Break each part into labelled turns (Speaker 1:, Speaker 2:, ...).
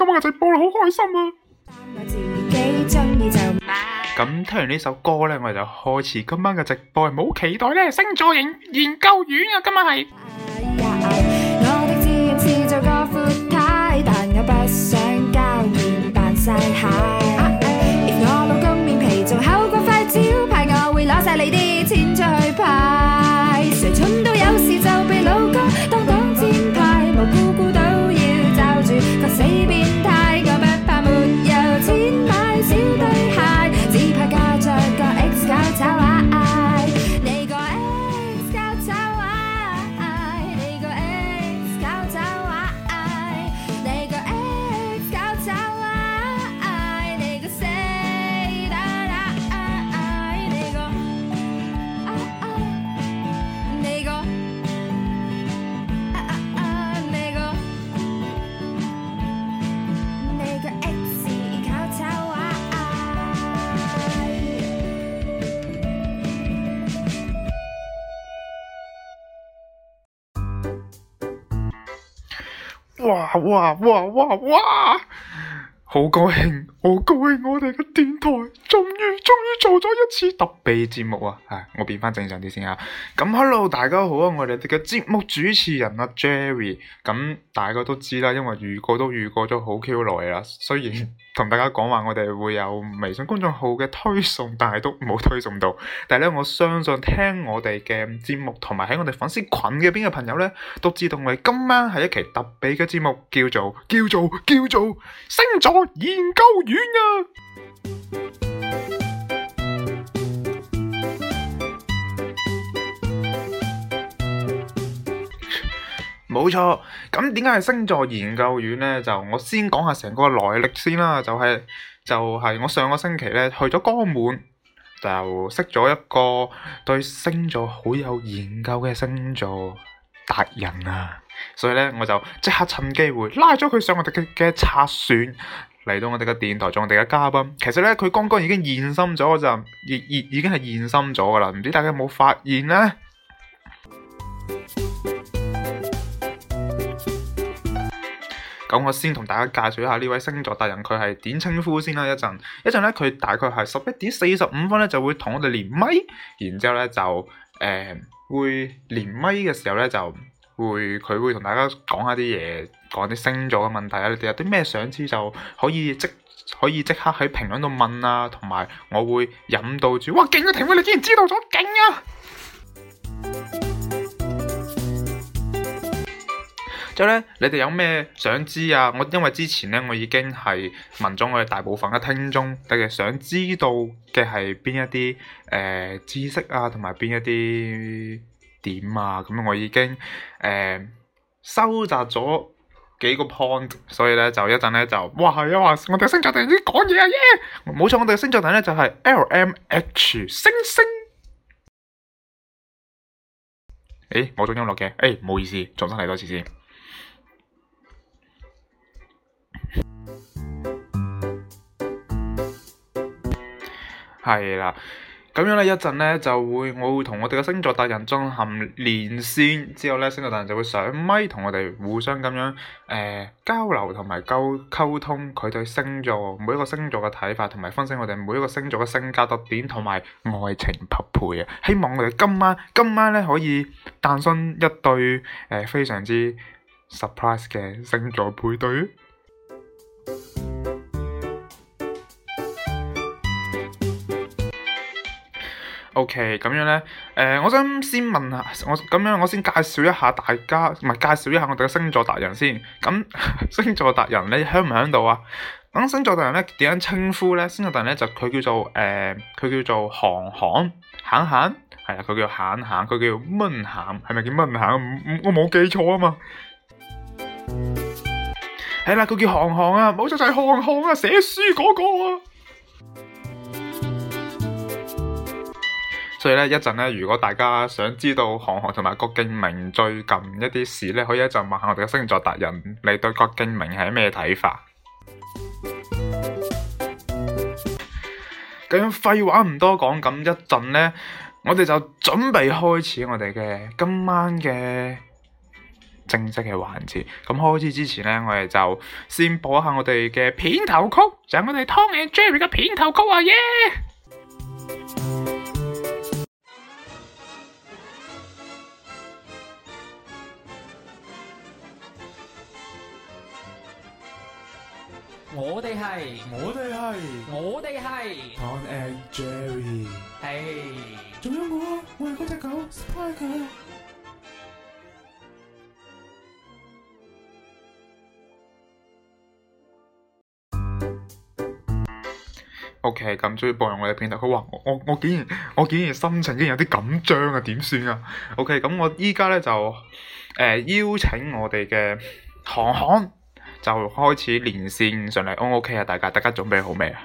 Speaker 1: 今晚嘅直播好開心啊！咁聽完呢首歌咧，我哋就開始今晚嘅直播，唔好期待咧。星座研研究院啊，今晚係。哇哇哇哇！好高興，好高興，我哋嘅電台終於終於做咗一次特備節目啊！吓，我變翻正常啲先啊。咁，hello，大家好啊！我哋嘅節目主持人啊，Jerry。咁大家都知啦，因為預告都預告咗好 Q 耐啦，雖然。 同大家講話，我哋會有微信公眾號嘅推送，但係都冇推送到。但係咧，我相信聽我哋嘅節目，同埋喺我哋粉絲群嘅邊嘅朋友呢，都知道我哋今晚係一期特別嘅節目，叫做叫做叫做星座研究院啊！冇錯，咁點解係星座研究院呢？就我先講下成個來歷先啦。就係、是、就係、是、我上個星期呢去咗江門，就識咗一個對星座好有研究嘅星座達人啊。所以呢，我就即刻趁機會拉咗佢上我哋嘅嘅賊船嚟到我哋嘅電台做我哋嘅嘉賓。其實呢，佢剛剛已經現身咗，就已已已經係現身咗㗎喇。唔知大家有冇發現呢？咁我先同大家介紹一下呢位星座達人，佢係點稱呼先啦，啊？一陣，一陣咧，佢大概係十一點四十五分咧就會同我哋連麥，然之後咧就誒、嗯、會連麥嘅時候咧就會佢會同大家講下啲嘢，講啲星座嘅問題啊！你哋有啲咩想知就可以即可以即刻喺評論度問啊，同埋我會引導住。哇，勁啊！婷妹，你竟然知道咗，勁啊！之後咧，你哋有咩想知啊？我因為之前咧，我已經係問咗我哋大部分嘅聽眾嘅，想知道嘅係邊一啲誒、呃、知識啊，同埋邊一啲點啊，咁、嗯、我已經誒、呃、收集咗幾個 point，所以咧就一陣咧就，哇係啊，yeah! 我哋嘅星座帝啲講嘢啊耶！冇錯，我哋嘅星座帝咧就係 L M H 星星。誒、欸，冇咗音樂嘅，誒、欸，唔好意思，重新嚟多次先。係啦，咁樣咧一陣咧就會，我會同我哋嘅星座達人進行連線，之後咧星座達人就會上咪同我哋互相咁樣誒、呃、交流同埋溝溝通佢對星座每一個星座嘅睇法，同埋分析我哋每一個星座嘅性格特點同埋愛情匹配啊！希望我哋今晚今晚咧可以誕生一對誒、呃、非常之 surprise 嘅星座配對。O K，咁樣咧，誒、呃，我想先問下我，咁樣我先介紹一下大家，唔係介紹一下我哋嘅星座達人先。咁星座達人咧響唔響度啊？咁星座達人咧點樣稱呼咧？星座達人咧就佢叫做誒，佢、呃、叫做韓韓韓韓，係啦，佢叫韓韓，佢叫蚊韓，係咪叫蚊韓？我冇記錯啊嘛。係啦，佢叫韓韓啊，冇錯就係韓韓啊，寫書嗰個啊。所以咧，一陣咧，如果大家想知道韓寒同埋郭敬明最近一啲事咧，可以一陣問下我哋嘅星座達人，你對郭敬明係咩睇法？咁、嗯、樣廢話唔多講，咁一陣咧，我哋就準備開始我哋嘅今晚嘅正式嘅環節。咁開始之前咧，我哋就先播下我哋嘅片頭曲，就係我哋 Tom and Jerry 嘅片頭曲啊，耶、yeah!！我哋係，我哋係，我哋係。Tom and Jerry，係，仲有我，我係嗰隻狗 Spider。OK，咁終於步入我哋片頭，佢話我我我竟然我竟然心情竟然有啲緊張啊，點算啊？OK，咁我依家呢就誒邀請我哋嘅韓韓。就開始連線上嚟，OK 啊？大家，大家準備好未啊？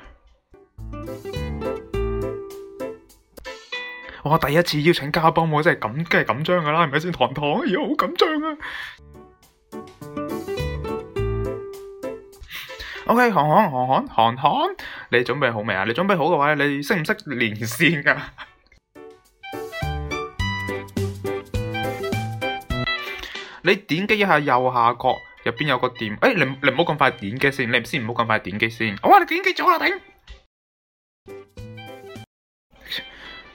Speaker 1: 我第一次邀請嘉賓，我真係緊，真係緊張㗎啦，係咪先？糖糖，而家好緊張啊！OK，韓韓韓韓韓韓，你準備好未啊？你準備好嘅話，你識唔識連線㗎？你點擊一下右下角。入邊有個點，誒，你你唔好咁快點擊先，你先唔好咁快點擊先。好啊你點擊咗啦，頂。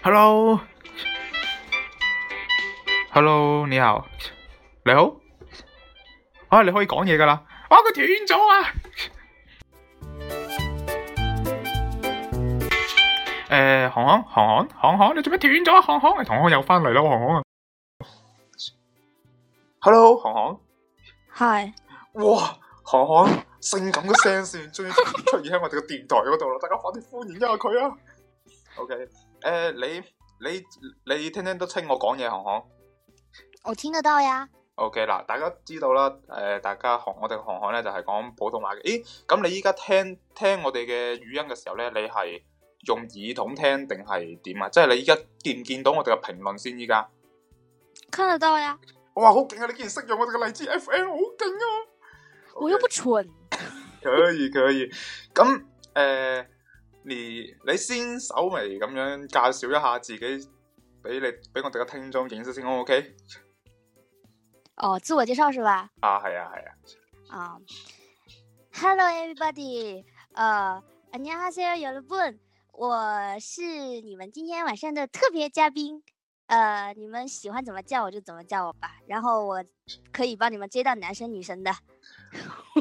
Speaker 1: Hello，Hello，你好，你好。啊，你可以講嘢噶啦。啊，佢斷咗啊。誒，韓韓韓韓韓韓，你做咩斷咗啊？韓韓，我同學又翻嚟啦，韓韓啊。Hello，韓韓。
Speaker 2: 係，是哇！
Speaker 1: 韓寒性感嘅聲線終於出， 出現喺我哋嘅電台嗰度啦，大家快啲歡迎一下佢啊！OK，誒、呃，你你你聽聽得清我講嘢，韓寒？
Speaker 2: 我聽得到呀。
Speaker 1: OK，嗱，大家知道啦，誒、呃，大家韓我哋韓寒咧就係、是、講普通話嘅。咦，咁你依家聽聽我哋嘅語音嘅時候咧，你係用耳筒聽定係點啊？即係你依家見唔見到我哋嘅評論先？依家？看得到呀。哇，好勁啊！你竟然識用我哋個荔枝 FM，好勁啊！Okay. 我又不蠢 可。可以可以，咁誒、呃，你你先稍微咁樣介紹一下自己，俾你俾我哋嘅聽眾認識先，O K？哦，
Speaker 2: 自我介紹是吧？
Speaker 1: 啊，係啊，係啊。啊、
Speaker 2: uh，，Hello everybody！誒，안녕하세요，여러분。我是你們今天晚上的特別嘉賓。誒，uh, 你們喜歡怎麼叫我就怎麼叫我吧，然後我可以幫你們接到男生女生的。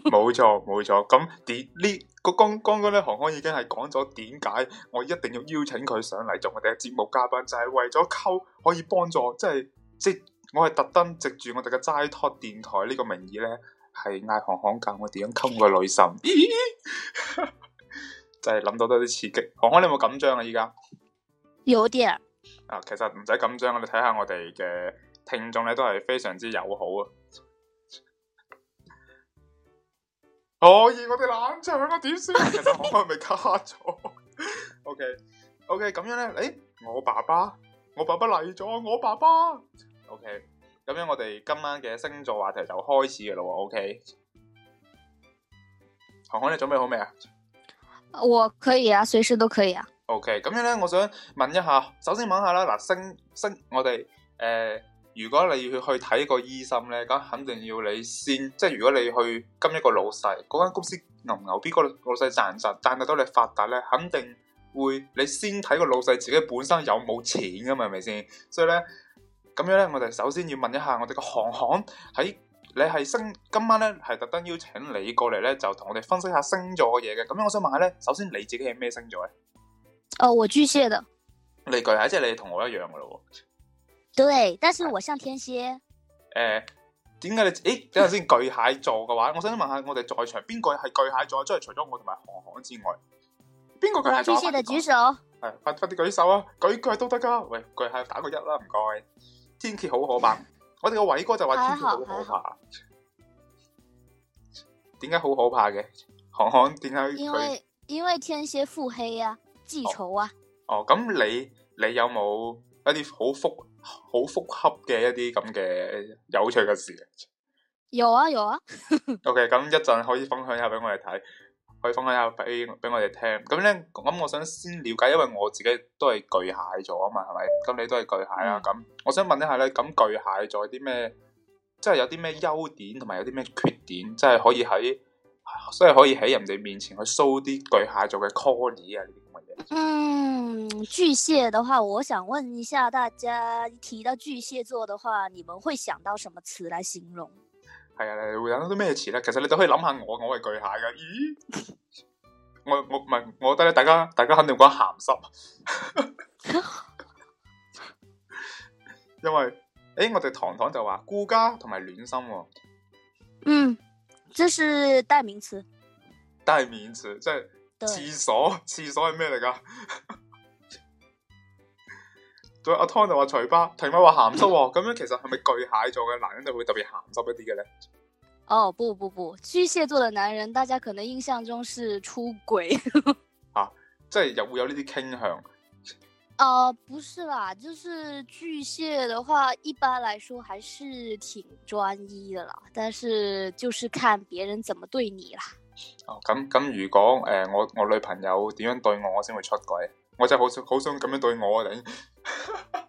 Speaker 1: 冇錯冇錯，咁點呢個剛剛剛呢，航航已經係講咗點解我一定要邀請佢上嚟做我哋嘅節目嘉賓，就係、是、為咗溝，可以幫助，即係即我係特登藉住我哋嘅齋托電台呢個名義呢，係嗌航航教我點樣溝個女神， 就係諗到多啲刺激。航航你有冇緊張啊？依家有啲。啊，其實唔使緊張，我哋睇下我哋嘅聽眾咧，都係非常之友好啊！可 以、哦、我哋冷場啊，點算？其實我係咪卡咗？OK，OK，咁樣咧，誒、欸，我爸爸，我爸爸嚟咗，我爸爸。OK，咁樣我哋今晚嘅星座話題就開始噶啦，OK。韓寒你準備好未啊？
Speaker 2: 我可以啊，隨時都可以啊。
Speaker 1: O K，咁樣咧，我想問一下，首先問一下啦，嗱，星星，我哋誒、呃，如果你要去睇個醫生咧，咁肯定要你先，即係如果你去跟一個老細，嗰間公司牛唔牛逼，個老細賺唔賺，賺得到你發達咧，肯定會你先睇個老細自己本身有冇錢噶嘛，係咪先？所以咧，咁樣咧，我哋首先要問一下我哋個行行喺你係星，今晚咧係特登邀請你過嚟咧，就同我哋分析一下星座嘅嘢嘅。咁樣，我想問一下咧，首先你自己係咩星座咧？
Speaker 2: 哦，我巨蟹的，
Speaker 1: 你巨蟹，即係你同我一樣噶咯、哦？
Speaker 2: 對，但是我像天蠍。
Speaker 1: 誒，點解你？誒，等陣先，巨蟹座嘅話， 我想問下，我哋在場邊個係巨蟹座？即係除咗我同埋韓韓之外，邊個蟹巨蟹座？巨蟹嘅舉手，係快快啲舉手啊！舉腳都得噶、啊。喂，巨蟹打個一啦、啊，唔該。天蠍好，好 好可怕，我哋個偉哥就話天蠍好可怕。點解好可怕嘅？韓韓點解？因為
Speaker 2: 因為天蠍腹黑啊！自、嘲
Speaker 1: 啊！哦，咁你你有冇一啲好復好復合嘅一啲咁嘅有趣嘅事有啊 有啊。有啊 OK，咁一陣可以分享一下俾我哋睇，可以分享一下俾俾我哋聽。咁咧咁，我想先了解，因為我自己都係巨蟹座啊嘛，係咪？咁你都係巨蟹啊？咁我想問一下咧，咁巨蟹座啲咩，即係有啲咩優點，同埋有啲咩缺點，即係可以喺即係可以喺人哋面前去 show 啲巨蟹座嘅 c o l l 啊？嗯，巨蟹的
Speaker 2: 話，我想問一下大家，提到巨蟹座的話，你們會想到什麼詞來形容？
Speaker 1: 係啊，你會想到啲咩詞咧？其實你都可以諗下我，我係巨蟹噶。咦，我我唔係，我覺得咧，大家大家肯定講鹹濕， 因為誒，我哋糖糖就話顧家同埋暖心，哦。嗯，
Speaker 2: 這是代名詞。
Speaker 1: 代名詞即係。就是對廁所，廁所係咩嚟噶？ 對阿、啊、湯就話除疤，婷媽話鹹濕、哦，咁樣 其實係咪巨蟹座嘅男人就會特別鹹濕一啲嘅咧？
Speaker 2: 哦，oh，不不不，巨蟹座的男人，大家可能印象中是出軌，
Speaker 1: 吓、 啊，即係有會有呢啲傾向。
Speaker 2: 啊，uh, 不是啦，就是巨蟹嘅話，一般來說還是挺專一嘅啦，但是就是看別人怎麼對你啦。
Speaker 1: 咁咁，哦、如果誒、呃，我我女朋友點樣對我，我先會出軌。我真係好想好想咁樣對我啊，你。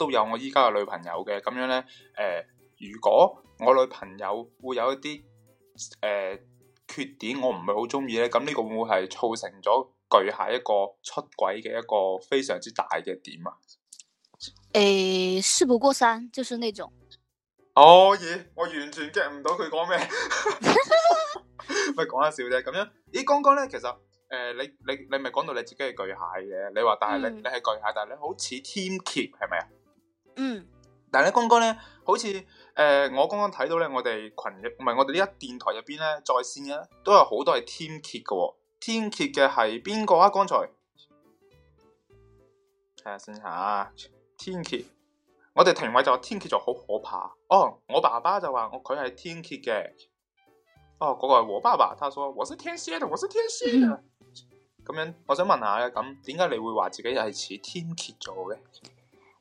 Speaker 1: 都有我依家嘅女朋友嘅，咁樣咧，誒、呃，如果我女朋友會有一啲誒、呃、缺點我，我唔係好中意咧，咁呢個會唔會係造成咗巨蟹一個出軌嘅一個非常之大嘅點啊？
Speaker 2: 誒、欸，事不過三，就是那種。
Speaker 1: 可以，我完全 get 唔到佢講咩，咪講下笑啫。 咁樣，咦，剛剛咧，其實誒、呃，你你你咪講到你自己係巨蟹嘅，你話但係你、嗯、你係巨蟹，但係你好似天蠍係咪啊？嗯，但係咧，剛剛咧，好似誒、呃，我剛剛睇到咧，我哋群入唔係，我哋呢一電台入邊咧在線嘅都有好多係天蠍嘅。哦，天蠍嘅係邊個啊？剛才睇下先吓，天蠍，我哋停位就話天蠍就好可怕哦。我爸爸就話，我佢係天蠍嘅。哦，嗰、那個係我爸爸，他說我是天蠍的，我是天蠍的。咁、嗯、樣，我想問下咧，咁點解你會話自己係似天蠍座嘅？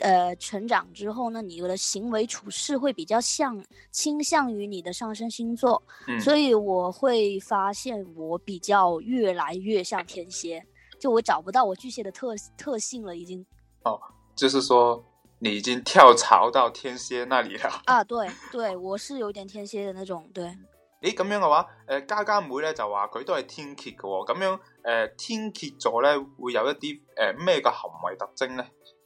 Speaker 2: 呃、成長之後呢，你的行為處事會比較像傾向於你的上升星座，嗯、所以我會發現我比較越來越像天蠍，就我找不到我巨蟹的特特性了已經。
Speaker 1: 哦，就是說你已經跳槽到天蠍那裏了？
Speaker 2: 啊，對對，我是有點天蠍的那種。對，
Speaker 1: 誒咁樣嘅話，誒、呃、家家妹咧就話佢都係天蠍嘅。哦，咁樣誒、呃、天蠍座咧會有一啲誒咩嘅行為特徵咧？.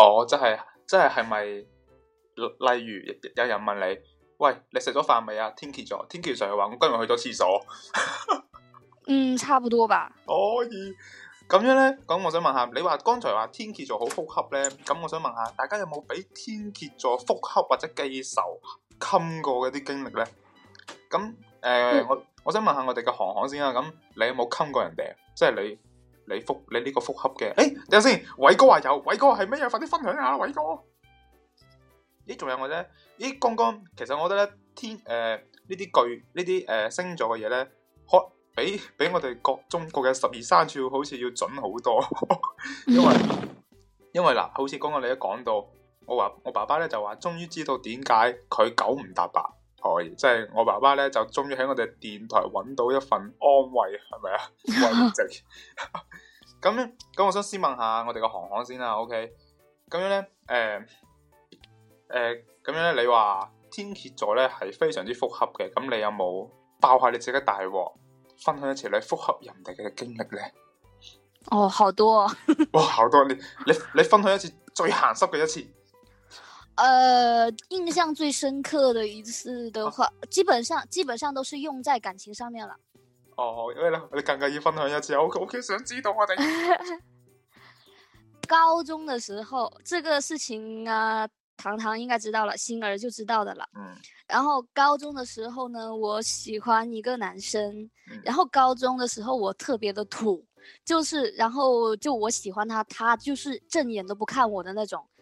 Speaker 1: 哦，即係，即係，係咪例如有人問你，喂，你食咗飯未啊？天蠍座，天蠍座又話，我今日去咗廁所。 嗯，差不多吧。可以咁樣呢，咁我想問下，你話剛才話天蠍座好腹黑呢？咁我想問下，大家有冇俾天蠍座腹黑或者記仇冚過嘅啲經歷呢？咁誒，呃嗯、我我想問下我哋嘅航航先啊，咁你有冇冚過人哋即係你。你腹你呢個腹黑嘅，誒等下先，偉哥話有，偉哥係咩啊？快啲分享下，偉哥。咦，仲有我咧？咦，剛剛其實我覺得咧，天誒呢啲巨呢啲誒星座嘅嘢咧，可比比我哋各中國嘅十二生肖好似要準好多呵呵，因為因為嗱，好似剛剛你一講到，我話我爸爸咧就話，終於知道點解佢九唔搭八。可以，即、就、係、是、我爸爸咧就終於喺我哋電台揾到一份安慰，係咪啊？慰 藉。 咁咁，我想先問一下我哋個行行先啦，OK？咁樣咧，誒、呃、誒，咁、呃、樣咧，你話天蠍座咧係非常之復合嘅，咁你有冇爆下你自己大鑊，分享一次你復合人哋嘅經歷呢？哦，
Speaker 2: 啊、 哦，好多，
Speaker 1: 哇，好多你你你分享一次最鹹濕嘅一次。
Speaker 2: 呃，印象最深刻的一次的話，啊、基本上基本上都是用在感情上面了。哦，
Speaker 1: 對了，我的剛剛一放那一下機，OK OK，上激動
Speaker 2: 話呢，高中的時候這個事情啊，糖糖應該知道了，星兒就知道的了。嗯。然後高中的時候呢，我喜歡一個男生，然後高中的時候我特別的土，就是然後就我喜歡他，他就是正眼都不看我的那種。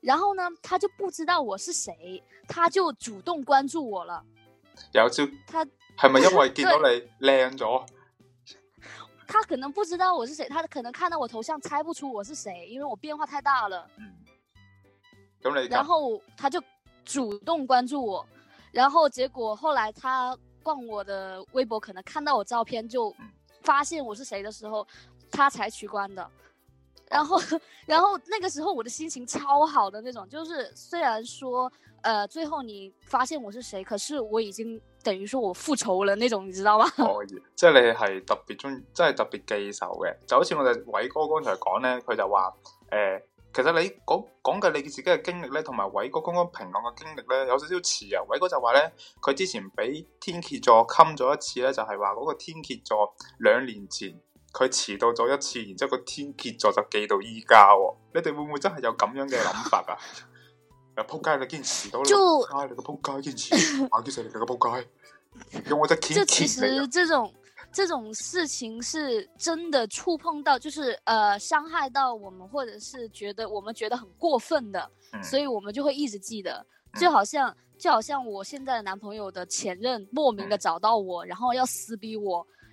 Speaker 2: 然後呢，他就不知道我是誰，他就主動關注我了。
Speaker 1: 然後就他，
Speaker 2: 係咪因為見到
Speaker 1: 你靚咗？
Speaker 2: 對他可能不知道我是誰，他可能看到我頭像猜不出我是誰，因為我變化太大了。咁你、嗯嗯，然後他就主動關注我，然後結果後來他逛我的微博，可能看到我照片就發現我是誰的時候，他才取關的。然後，然後那個時候我的心情超好的那種，就是雖然說，呃，最後你發現我是誰，可是我已經等於說我復仇了那種，你知道嗎？可以，
Speaker 1: 即係你係特別中意，即係特別記仇嘅，就好似我哋偉哥剛才講呢，佢就話，誒、呃，其實你講講嘅你自己嘅經歷呢，同埋偉哥剛剛評論嘅經歷呢，有少少似啊，偉哥就話呢，佢之前俾天蠍座禁咗一次呢，就係話嗰個天蠍座兩年前。佢遲到咗一次，然之後個天蠍座就記到依家、哦，你哋會唔會真係有咁樣嘅諗法啊？又撲街你竟然遲到，撲街你就、啊這個撲街竟然你、 啊這個撲街，有冇得其實
Speaker 2: 這種這種事情是真的觸碰到，就是呃，傷害到我們，或者是覺得我們覺得很過分的，嗯、所以我們就會一直記得，嗯、就好像就好像我現在男朋友的前任莫名的找到我，嗯、然後要撕逼我。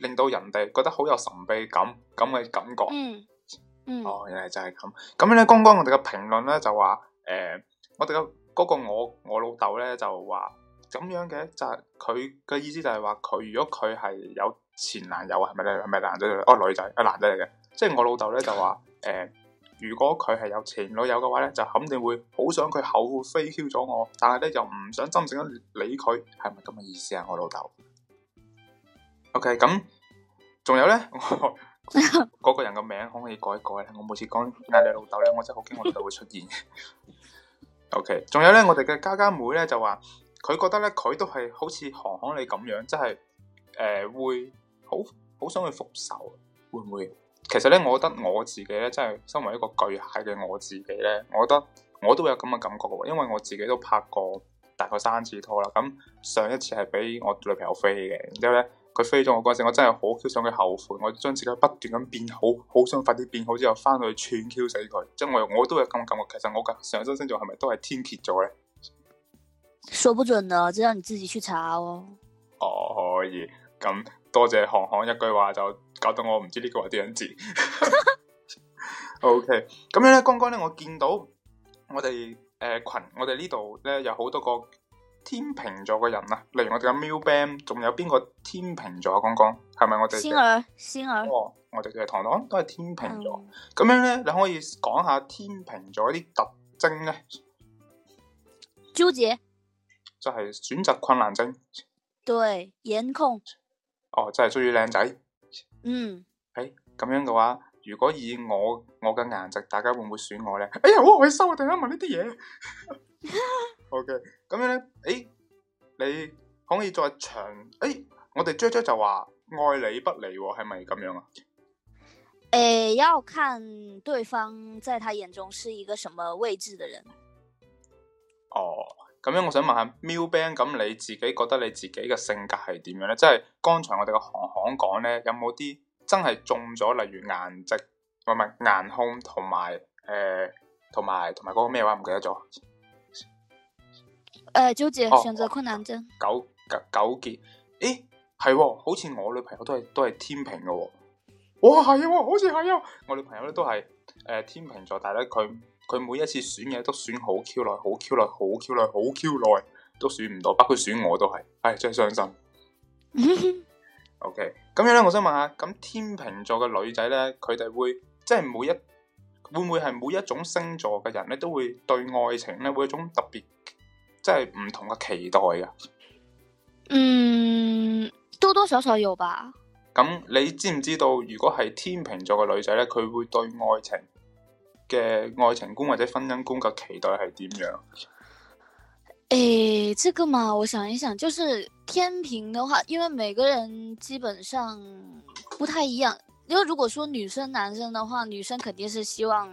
Speaker 1: 令到人哋覺得好有神秘感咁嘅感覺。嗯，嗯哦，原嚟就係咁。咁咧，剛剛我哋嘅評論咧就話，誒、欸，我哋嘅嗰個我我老豆咧就話咁樣嘅，就係佢嘅意思就係話，佢如果佢係有前男友，係咪咧？係咪男仔嚟？哦，女仔，啊男仔嚟嘅。即係我老豆咧就話，誒、欸，如果佢係有前女友嘅話咧，就肯定會好想佢後悔飛咗我，但係咧又唔想真正咁理佢，係咪咁嘅意思啊？我老豆。OK，咁仲有咧，嗰、那個人嘅名可唔可以改一改咧？我每次講嗌你老豆咧，我真係好驚我老豆會出現。OK，仲有咧，我哋嘅家家妹咧就話，佢覺得咧佢都係好似行行你咁樣，即係誒會好好想去復仇，會唔會？其實咧，我覺得我自己咧，真係身為一個巨蟹嘅我自己咧，我覺得我都有咁嘅感覺嘅，因為我自己都拍過大概三次拖啦。咁上一次係俾我女朋友飛嘅，然之後咧。佢飛咗我嗰陣，我真係好想佢後悔，我將自己不斷咁變好，好想快啲變好之後翻去串 Q 死佢。即係我，我都有咁感覺。其實我嘅上升星座係咪都係天蠍座咧？
Speaker 2: 說不準啊，只要你自己去查哦。哦、oh,
Speaker 1: yeah.，可以。咁多謝韓韓一句話就搞到我唔知，知、 okay. 呢句話點樣字。OK，咁樣咧，剛剛咧我見到我哋誒羣，我哋呢度咧有好多個。天秤座嘅人啊，例如我哋嘅 m i l l b a m 仲有邊個天秤座啊？講講係咪我哋星兒星兒？哦，oh, 我哋嘅糖糖都係天秤座，咁、嗯、樣咧，你可以講下天秤座啲特徵咧。糾結姐就係選擇困難症。
Speaker 2: 對，顏控
Speaker 1: 哦，oh, 真係中意靚仔。嗯，誒、欸，咁樣嘅話，如果以我我嘅顏值，大家會唔會選我咧？哎呀，好害收我。啊！突然間問呢啲嘢。O K。咁樣咧，誒、欸，你可以再長誒、欸，我哋 j o j 就話愛理不理、哦，係咪咁樣啊？誒、
Speaker 2: 欸，要看對方在他眼中是一個什麼位置嘅人。
Speaker 1: 哦，咁樣我想問下 m i l b a n 咁你自己覺得你自己嘅性格係點樣咧？即係剛才我哋個行行講咧，有冇啲真係中咗？例如顏值，唔係唔係，顏控同埋誒，同埋同埋嗰個咩話唔記得咗。
Speaker 2: 誒，糾結、呃哦、選擇困難症，
Speaker 1: 糾糾糾結，誒係、哦、好似我女朋友都係都係天秤嘅、哦。哇係啊，好似係啊，我女朋友咧都係誒、呃、天秤座，但係咧佢佢每一次選嘢都選好 Q 耐，好 Q 耐，好 Q 耐，好 Q 耐都選唔到，包括選我都係，唉、哎，真係傷心。O K，咁樣咧，我想問下，咁天秤座嘅女仔咧，佢哋會即係每一會唔會係每一種星座嘅人咧，都會對愛情咧會一種特別。即係唔同嘅期待嘅、啊，嗯，
Speaker 2: 多多少少有吧。
Speaker 1: 咁你知唔知道，如果係天秤座嘅女仔呢，佢會對愛情嘅愛情觀或者婚姻觀嘅期待係點樣？
Speaker 2: 誒、哎，這個嘛，我想一想，就是天秤的話，因為每個人基本上不太一樣。因為如果說女生、男生的話，女生肯定是希望。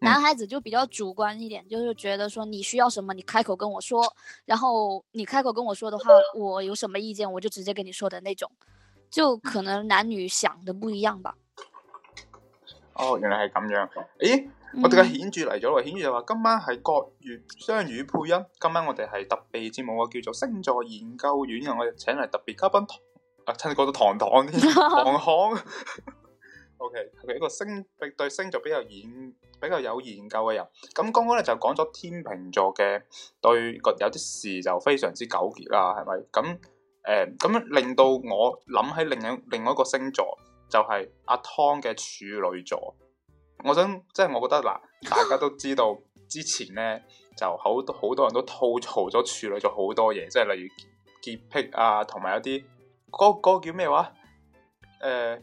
Speaker 2: 男孩子就比較主觀一點，嗯、就是覺得說你需要什麼，你開口跟我說，然後你開口跟我說的話，我有什麼意見，我就直接跟你說的那種，就可能男女想的不一樣吧。
Speaker 1: 哦，原來係咁樣，誒，嗯、我哋嘅顯著嚟咗？顯著就話今晚係國語雙語配音，今晚我哋係特別節目我叫做星座研究院啊，我哋請嚟特別嘉賓啊，親你都到堂堂，堂堂。 O.K. 佢一個星對星座比較研比較有研究嘅人，咁剛剛咧就講咗天秤座嘅對個有啲事就非常之糾結啦，係咪？咁誒，咁、呃、令到我諗起另一另外一個星座，就係、是、阿湯嘅處女座。我想即係我覺得嗱，大家都知道之前咧就好好多人都吐槽咗處女座好多嘢，即係例如潔癖啊，同埋有啲嗰嗰個叫咩話誒。呃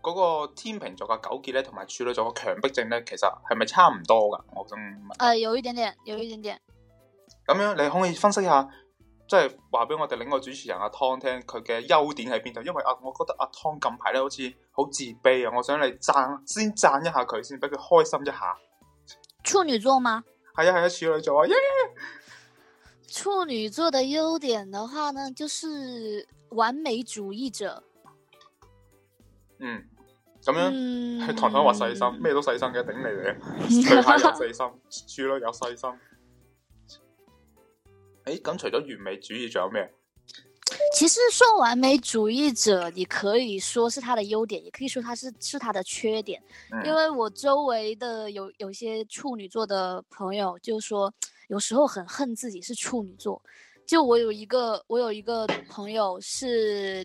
Speaker 1: 嗰個天秤座嘅糾結咧，同埋處女座嘅強迫症咧，其實係咪差唔多噶？我想
Speaker 2: 誒、呃，有一點點，有一點點。
Speaker 1: 咁樣，你可唔可以分析下，即係話俾我哋另一個主持人阿湯聽，佢嘅優點喺邊度？因為啊，我覺得阿湯近排咧好似好自卑啊！我想你讚，先讚一下佢先，俾佢開心一下。
Speaker 2: 處女座嗎？
Speaker 1: 係啊係啊，處女座啊！Yeah!
Speaker 2: 處女座嘅優點嘅話呢，就是完美主義者。
Speaker 1: 嗯，咁樣，堂堂話細心，咩都細心嘅，頂你哋，佢係細心， 處理有細心。誒、欸，咁除咗完美主義仲有咩？
Speaker 2: 其實說完美主義者，你可以說是他的優點，也可以說他是是他的缺點。嗯、因為我周圍的有有些處女座的朋友就，就說有時候很恨自己是處女座。就我有一個，我有一個朋友是。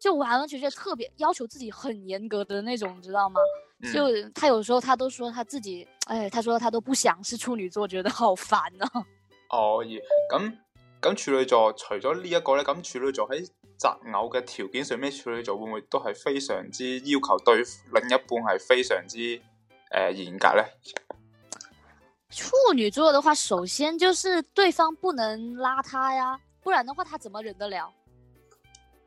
Speaker 2: 就完完全全特別要求自己很嚴格的那種，你知道嗎？就、嗯、他有時候他都說他自己，哎，他說他都不想是處女座，覺得好煩啊。
Speaker 1: 哦，以咁咁處女座，除咗呢一個咧，咁處女座喺擇偶嘅條件上，面，處女座會唔會都係非常之要求對另一半係非常之誒嚴、呃、格咧？
Speaker 2: 處女座的話，首先就是對方不能邋遢呀，不然的話，他怎麼忍得了？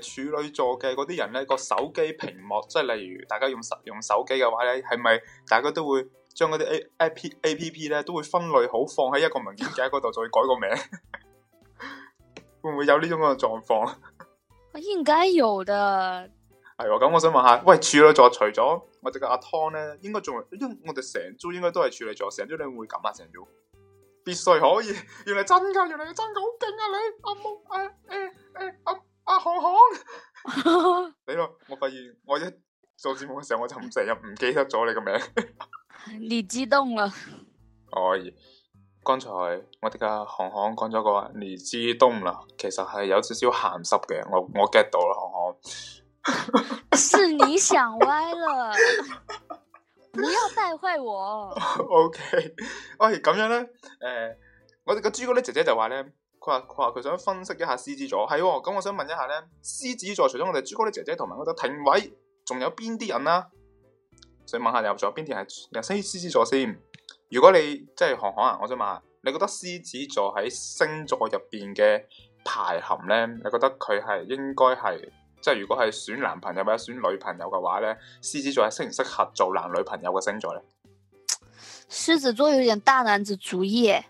Speaker 1: 誒，處、呃、女座嘅嗰啲人咧，個手機屏幕，即係例如大家用用手機嘅話咧，係咪大家都會將嗰啲 A A P P P 咧都會分類好，放喺一個文件夾嗰度，再改個名， 會唔會有呢種嘅狀況啊、 哎
Speaker 2: 嗯嗯。應該有的。
Speaker 1: 係，咁我想問下，喂，處女座除咗我哋嘅阿湯咧，應該仲，因為我哋成組應該都係處女座，成組你會唔會咁啊？成組？必須可以。原嚟真噶，原嚟
Speaker 3: 真好勁啊你，阿、啊、木，誒誒誒，啊啊啊
Speaker 1: 啊，行行，你咯！ 我發現我一做節目嘅時候，我就唔成日唔記得咗你個名。
Speaker 2: 你激動啦！
Speaker 1: 我剛才我哋嘅行行講咗個話，你激動啦，其實係有少少鹹濕嘅，我我 get 到啦，行行。
Speaker 2: 是你想歪
Speaker 1: 了， 不要
Speaker 2: 帶壞我。
Speaker 1: OK，喂、哎，咁樣咧，誒、呃，我哋個朱古力姐姐就話咧。佢話佢話佢想分析一下獅子座，係咁，哦，我想問一下咧，獅子座除咗我哋朱古力姐姐同埋嗰隻廷偉，仲有邊啲人啦？想問下又仲有邊啲人係又獅子座先？如果你即係韓韓啊，我想問下，你覺得獅子座喺星座入邊嘅排行咧？你覺得佢係應該係即係如果係選男朋友或者選女朋友嘅話咧，獅子座係適唔適合做男女朋友嘅星座咧？
Speaker 2: 獅子座有點大男子主義，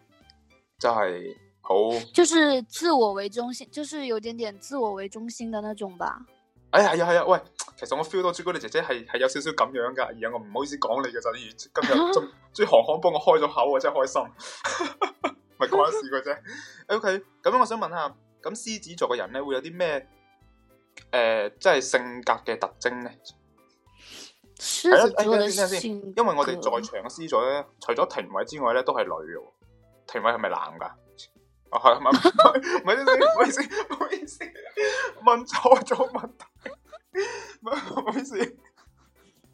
Speaker 2: 就
Speaker 1: 係，是。好，
Speaker 2: 就是自我為中心，就是有點點自我為中心嘅。那種吧。
Speaker 1: 哎呀哎呀哎呀，喂，其實我 feel 到朱古力姐姐，係係有少少咁樣噶？而、哎、我唔好意思講你嘅就，而今日中中韓康幫我開咗口，我真係開心，唔係一事嘅啫。 OK，咁我想問下，咁獅子座嘅人咧會有啲咩誒，即、呃、係性格嘅特徵咧？係子你聽
Speaker 3: 先，因為我哋在
Speaker 1: 場嘅獅子座咧，除咗廷位之外咧，都係女嘅，廷位係咪男噶？唔好，唔 好意思，唔好意思，唔好意思，問錯咗問題，唔 好意思，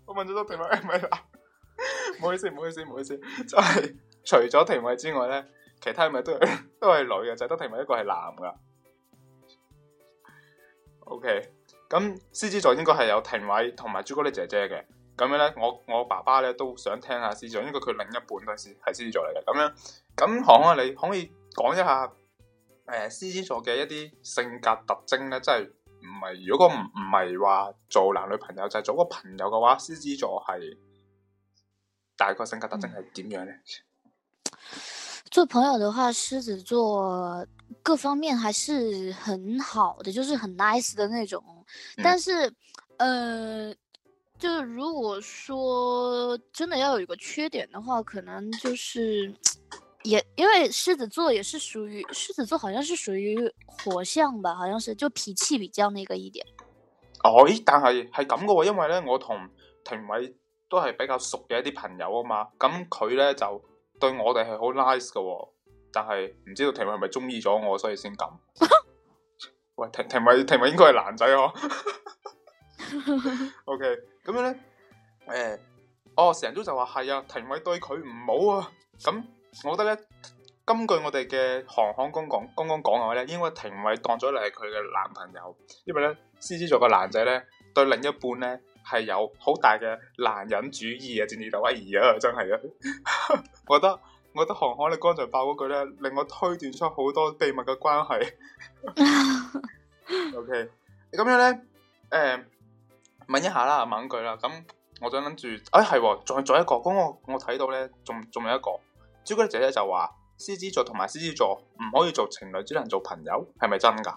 Speaker 1: 我問咗多停位係咪男？唔好意思，唔好意思，唔好意思，就係、是、除咗停位之外咧，其他係咪都係都係女嘅？就係、是、得停位一個係男噶。OK，咁獅子座應該係有停位同埋朱古力姐姐嘅，咁樣咧，我我爸爸咧都想聽下獅子座，因為佢另一半都係獅係獅子座嚟嘅，咁樣，咁可唔可以？可以。講一下誒，獅、呃、子座嘅一啲性格特徵呢，即係唔係如果唔唔係話做男女朋友，就係、是、做個朋友嘅話，獅子座係大概性格特徵係點樣呢？
Speaker 2: 做朋友嘅話，獅子座各方面還是很好的，就是很 nice 的那種。但是，誒、嗯呃，就如果說真的要有一個缺點嘅話，可能就是。也因為獅子座也是屬於獅子座，好像是屬於火象吧，好像是就脾氣比較那個一點。
Speaker 1: 哦，哦，一哦，但係系係咁噶喎，因為咧我同廷偉都係比較熟嘅一啲朋友啊嘛，咁佢咧就對我哋係好 nice 噶，但係唔知道廷偉係咪中意咗我所以先咁。 喂，廷廷偉廷偉應該係男仔嗬、哦、 ？OK，咁樣咧，誒、呃，哦，成日都就話係啊，廷偉對佢唔好啊，咁。我覺得咧，根據我哋嘅韓康公講剛剛講嘅話咧，應該廷偉當咗你係佢嘅男朋友，因為咧，獅子座嘅男仔咧，對另一半咧係有好大嘅男人主義啊，賤賤頭威儀啊，真係啊！ 我覺得我覺得韓康你剛才爆嗰句咧，令我推斷出好多秘密嘅關係。 OK，咁樣咧，誒、呃，問一下啦，問一句啦，咁我就想諗住，誒、哎，係，再再一個，咁我我睇到咧，仲仲有一個。朱古力姐姐就話：獅子座同埋獅子座唔可以做情侶，只能做朋友，係咪真㗎？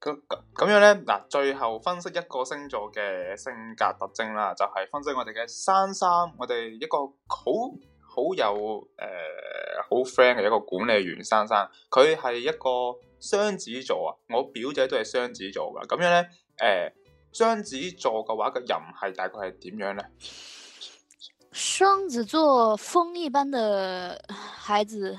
Speaker 1: 咁咁樣咧，嗱，最後分析一個星座嘅性格特徵啦，就係、是、分析我哋嘅珊珊，我哋一個好好有誒好、呃、friend 嘅一個管理員珊珊，佢係一個雙子座啊，我表姐都係雙子座噶，咁樣咧，誒、呃，雙子座嘅話嘅人係大概係點樣咧？
Speaker 2: 雙子座風一般嘅孩子。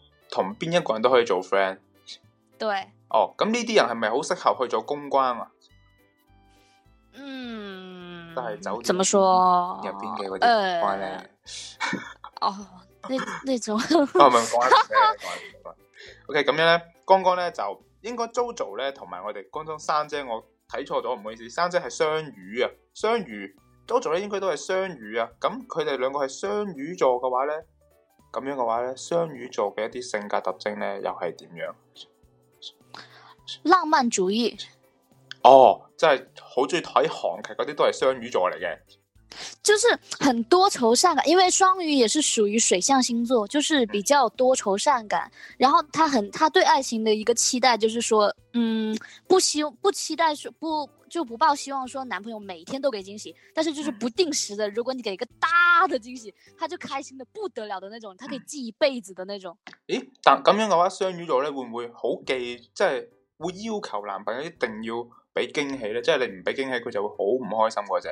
Speaker 1: 同邊一個人都可以做 friend，對，哦，咁呢啲人係咪好適合去做公關啊？嗯，都係走。怎麼說？入邊嘅嗰啲乖咧，
Speaker 2: 啊、 哦，那那種，唔係唔
Speaker 1: 係，OK，咁樣咧，剛剛咧就應該 JoJo 咧，同埋我哋剛中三姐我，我睇錯咗，唔好意思，三姐係雙魚啊，雙魚 JoJo 咧，應該都係雙魚啊，咁佢哋兩個係雙魚座嘅話咧。咁樣嘅話咧，雙魚座嘅一啲性格特徵咧，又係點樣？
Speaker 2: 浪漫主義。
Speaker 1: 哦，即係好中意睇韓劇嗰啲，都係雙魚座嚟嘅。
Speaker 2: 就是很多愁善感，因為雙魚也是屬於水象星座，就是比較多愁善感。然後他很，他對愛情的一個期待就是說，嗯，不希不期待說不就不抱希望說男朋友每天都給驚喜，但是就是不定時的。如果你給一個大的驚喜，他就開心的不得了的那種，他可以記一輩子的那種。
Speaker 1: 咦，但咁樣嘅話，雙魚座咧會唔會好記？即係會要求男朋友一定要俾驚喜咧？即係你唔俾驚喜，佢就會好唔開心嗰隻？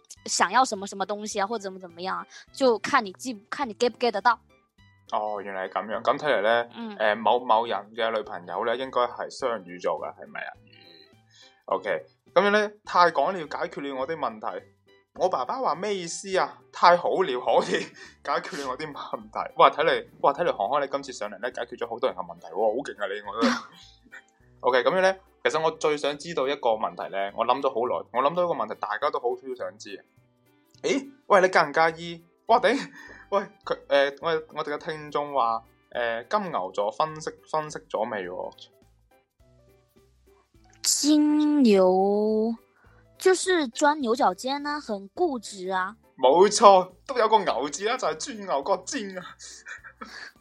Speaker 2: 想要什麼什麼東西啊，或者怎麼怎麼樣、啊、就看你記，看你 get 唔 get 得到。
Speaker 1: 哦，原來係咁樣，咁睇嚟，咧，誒、嗯呃，某某人嘅女朋友咧，應該係雙魚座嘅，係咪啊？OK，咁樣咧，太講了解決了我啲問題。我爸爸話咩意思啊？太好了，可以解決了我啲問題。哇，睇嚟，哇，睇嚟，行開，你今次上嚟咧，解決咗好多人嘅問題，哦、好勁啊你！你我都。OK，咁樣咧，其實我最想知道一個問題咧，我諗咗好耐，我諗到一個問題，大家都好想知。誒、欸，喂，你介唔介意？我頂、欸，喂佢誒、呃，我我哋嘅聽眾話，誒、呃、金牛座分析分析咗未？
Speaker 2: 金牛就是鑽牛角尖啦、啊，很固執
Speaker 1: 啊。冇錯，都有個牛字啦、啊，就係、是、鑽牛角尖啊，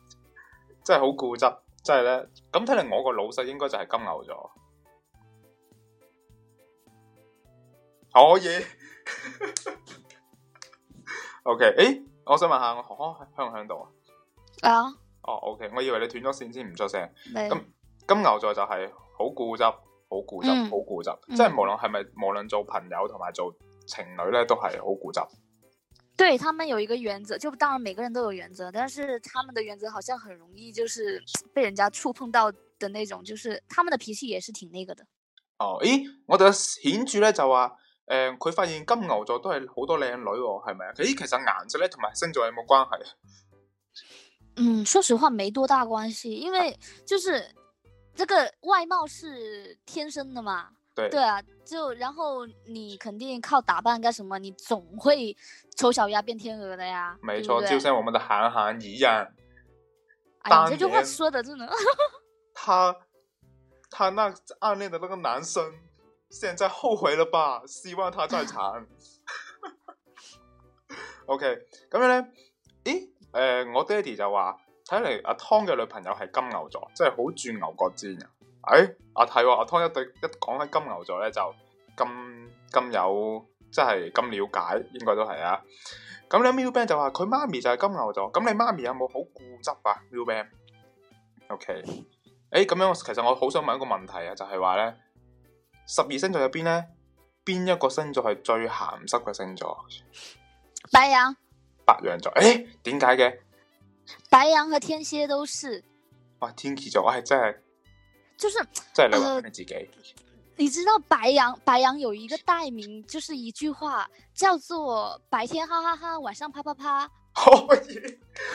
Speaker 1: 真係好固執，真係咧。咁睇嚟，我個老細應該就係金牛座。嗯、可以！ O、okay, K，誒，我想問下我可響唔響度啊？啊、
Speaker 2: uh, 哦。
Speaker 1: 哦，O K，我以為你斷咗線先唔出聲。咁、uh, 金牛座就係好固執，好固執，好固執，um, 即係無論係咪無論做朋友同埋做情侶咧，都係好固執。
Speaker 2: 對，他們有一個原則，就當然每個人都有原則，但是他們嘅原則好像很容易就是被人家觸碰到的那種，就是他們的脾氣也是挺那個的。
Speaker 1: 哦，咦，我哋顯著咧就話。誒，佢、嗯、發現金牛座都係好多靚女，哦，係咪啊？咦，其實顏色咧同埋星座有冇關係啊？
Speaker 2: 嗯，說實話，沒多大關係，因為就是這個外貌是天生的嘛。對，對啊，就然後你肯定靠打扮幹什麼，你總會醜小鴨變天鵝的呀。沒錯錯，就像我
Speaker 1: 們的韓寒一樣。哎呀，年這句話說的真的 他，他他那暗戀的那個男生。現在後悔了吧？希望他再慘。 OK，咁樣咧，咦？誒、呃，我爹哋就話睇嚟阿湯嘅女朋友係金牛座，真係好轉牛角尖啊！誒、欸，啊係、啊，阿湯一對一講起金牛座咧，就咁咁有，即係咁了解，應該都係啊。咁你 Milband 就話佢媽咪就係金牛座，咁你媽咪有冇好固執啊？Milband，OK，誒、欸，咁樣，其實我好想問一個問題啊，就係話咧。十二星座入邊咧，邊一個星座係最鹹濕嘅星座？
Speaker 2: 白羊。
Speaker 1: 白羊座，誒、欸，點解嘅？
Speaker 2: 白羊和天蠍都是。
Speaker 1: 哇，天蠍座，我、啊、係真係。
Speaker 2: 就是。
Speaker 1: 真係你話你自己、呃。
Speaker 2: 你知道白羊，白羊有一個大名，就是一句話叫做白天哈，哈哈哈，晚上啪啪啪。好，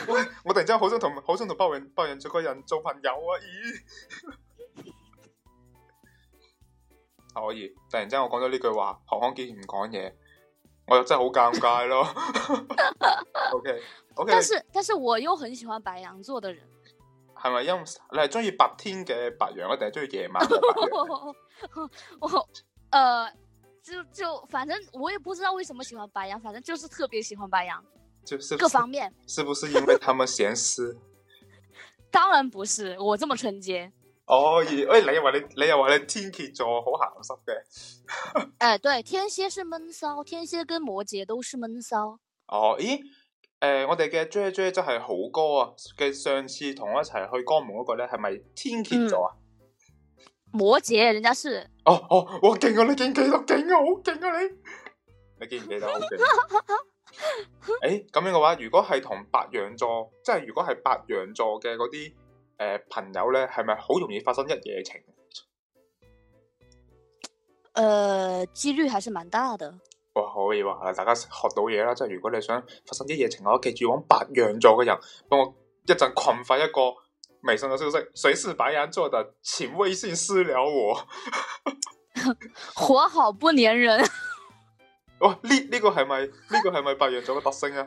Speaker 1: 我我突然間好想同好想同白羊白羊做個人做朋友啊！咦、欸。 可以，突然之間我講咗呢句話，何康竟然唔講嘢，我又真係好尷尬咯。OK OK，但是
Speaker 2: 但是我又很喜歡白羊座的人，
Speaker 1: 係咪因你係中意白天嘅白羊，定係中意夜晚
Speaker 2: 我？我，呃，就就反正我也不知道為什麼喜歡白羊，反正就是特別喜歡白羊，
Speaker 1: 就是，是各方面，是不是因為他們鹹濕？
Speaker 2: 當然不是，我這麼純潔。
Speaker 1: 哦，咦，誒，你又話你，你又話你天蠍座好鹹濕嘅。
Speaker 2: 誒，對，天蠍是悶騷，天蠍跟摩羯都是悶騷。
Speaker 1: 哦，咦，誒，我哋嘅 J J 真係好高啊！嘅上次同我一齊去江門嗰個咧，係咪天蠍座啊？嗯？
Speaker 2: 摩羯，人家是。
Speaker 1: 哦哦，我勁啊！你記唔記得？勁啊，好勁啊！你，你記唔記得？誒，咁樣嘅話，如果係同白羊座，即係如果係白羊座嘅嗰啲。誒、呃，朋友咧，係咪好容易發生一夜情？誒、
Speaker 2: 呃，幾率還是蠻大的。
Speaker 1: 哇，可以話啦，大家學到嘢啦，即係如果你想發生一夜情，我記住，往白羊座嘅人，幫我一陣群發一個微信嘅消息，誰是白羊座的，請微信私聊我。
Speaker 2: 活好不粘人。
Speaker 1: 哇，呢呢個係咪呢個係咪白羊座嘅特性啊？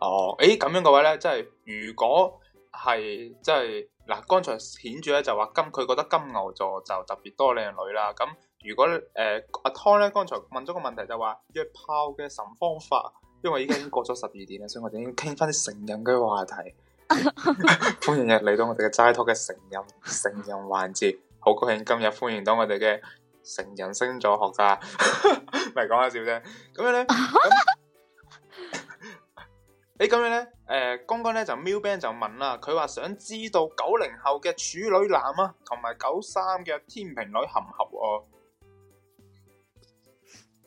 Speaker 1: 哦，誒，咁樣嘅話咧，即係如果係即係嗱，剛才顯著咧就話金，佢覺得金牛座就特別多靚女啦。咁如果誒阿、呃、湯咧剛才問咗個問題就話約炮嘅神方法，因為已經過咗十二點啦， 所以我哋已經傾翻啲成人嘅話題。 歡迎日嚟到我哋嘅齋托嘅成人成人環節，好高興今日歡迎到我哋嘅成人星座學家，嚟講下笑啫。 咁樣咧。 你咁樣咧，誒，剛剛咧就喵 b a n d 就問啦，佢話想知道九零後嘅處女男啊，同埋九三嘅天秤女合唔合啊？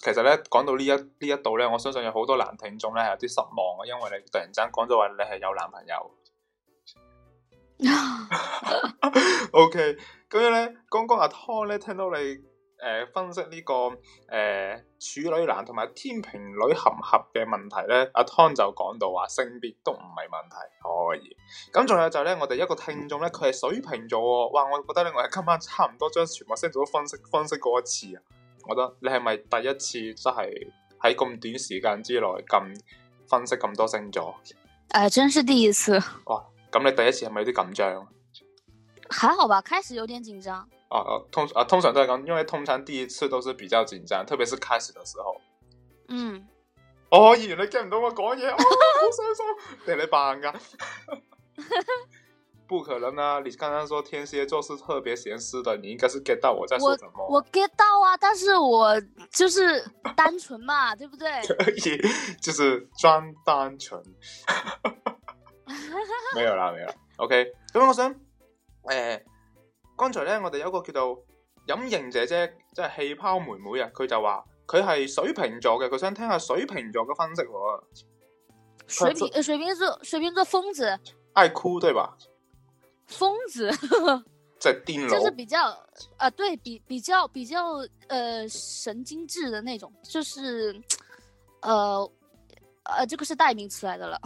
Speaker 1: 其實咧，講到這一這一呢一呢一度咧，我相信有好多男聽眾咧係有啲失望嘅，因為你突然間講咗話你係有男朋友。O K，咁樣咧，剛剛阿湯咧聽到你誒、呃、分析呢、這個誒處、呃、女男同埋天秤女含合合嘅問題咧，阿湯就講到話性別都唔係問題，可以。咁仲有就咧，我哋一個聽眾咧，佢係水瓶座、哦，哇！我覺得咧，我喺今晚差唔多將全部星座都分析分析過一次啊。我覺得你係咪第一次即係喺咁短時間之內咁分析咁多星座？
Speaker 2: 誒、啊，真是第一次。
Speaker 1: 哇！咁你第一次係咪有啲緊張？
Speaker 2: 還好吧，開始有點緊張。
Speaker 1: 哦哦、啊啊，通啊，通常都係咁，因為通常第一次都是比較緊張，特別是開始嘅時候。
Speaker 3: 嗯
Speaker 1: 哦我。哦，原來你 get 唔到我講嘢，我好傷心，定 你扮噶。 不可能啊！你剛剛說天蠍座是特別鹹濕的，你應該是 get 到我在說什麼我？
Speaker 2: 我 get 到啊，但是我就是單純嘛， 對不對？可
Speaker 1: 以，就是裝單純。 沒有啦，沒有。OK，咁我想，師，誒，剛才咧，我哋有一個叫做隱形姐姐，即係氣泡妹妹啊，佢就話佢係水瓶座嘅，佢想聽下水瓶座嘅分析。水瓶，說水
Speaker 2: 瓶座，水瓶座瘋子，
Speaker 1: 愛哭對吧？瘋子 即係癲，就是比
Speaker 2: 較啊，對比比較比較呃神經質的那種，就是呃呃、啊、這個是代名詞來的了。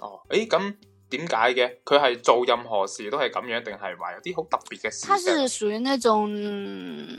Speaker 1: 哦，哎，咁點解嘅？佢係做任何事都係咁樣，定係話有啲好特別嘅事？他是
Speaker 2: 屬於那種。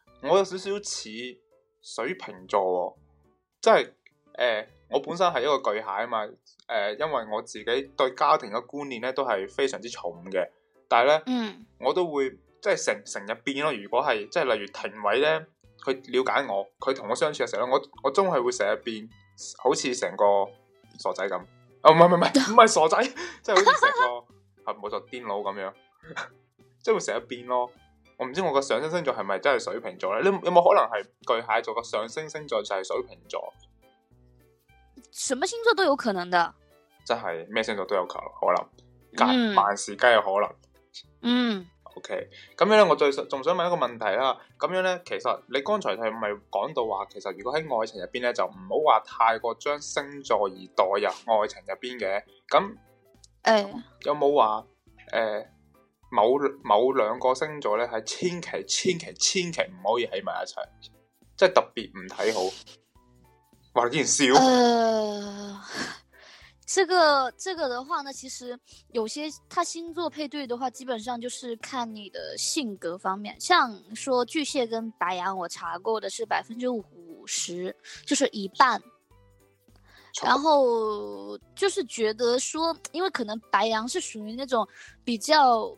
Speaker 1: 我有少少似水瓶座。哦，即係誒，我本身係一個巨蟹啊嘛，誒、呃，因為我自己對家庭嘅觀念咧都係非常之重嘅，但係咧，嗯、我都會即係成成日變咯。如果係即係例如廷偉咧，佢了解我，佢同我相處嘅時候咧，我我終係會成日變，好似成個傻仔咁。哦、啊，唔係唔係唔係，唔係傻仔，即係 好似成個係冇錯癲佬咁樣， 即係會成日變咯。我唔知我個上升星座係咪真係水瓶座咧？你有冇可能係巨蟹座個上升星座就係水瓶座？
Speaker 2: 什麼星座都有可能的。
Speaker 1: 真係咩星座都有可能，可能，萬事皆有可能。嗯。OK，咁樣咧，我最仲想問一個問題啦。咁樣咧，其實你剛才係咪講到話，其實如果喺愛情入邊咧，就唔好話太過將星座而代入愛情入邊嘅？咁誒，欸、有冇話誒？欸某某兩個星座呢，係千祈千祈千祈唔可以喺埋一齊，即係特別唔睇好。哇，你竟然笑？誒，
Speaker 2: 這個、這個的話呢，其實有些，他星座配對嘅話，基本上就是看你的性格方面。像說巨蟹跟白羊，我查過的是百分之五十，就是一半。然後就是覺得說，因為可能白羊是屬於那種比較。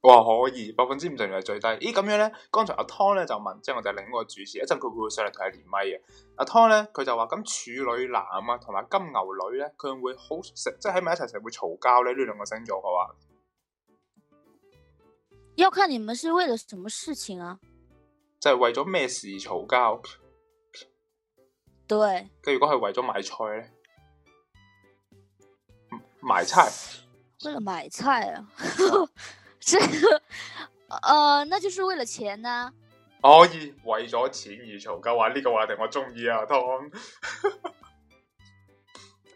Speaker 1: 我話可以，百分之五成係最低。咦，咁樣咧，剛才阿湯咧就問，即係我就係另一個主持，一陣佢會唔會上嚟同你連麥嘅。阿湯咧，佢就話咁處女男啊，同埋金牛女咧，佢會好成，即係喺埋一齊成會嘈交咧。呢兩個星座嘅話，
Speaker 2: 要看你們是為了什麼事情啊？
Speaker 1: 即係為咗咩事嘈交？
Speaker 2: 對。
Speaker 1: 佢如果係為咗買菜咧，買菜。
Speaker 2: 為咗買菜啊！ 這個， 呃，那就是為了錢呢、啊。
Speaker 1: 可以、哦、為咗錢而吵架，呢、這個話題我中意啊，湯。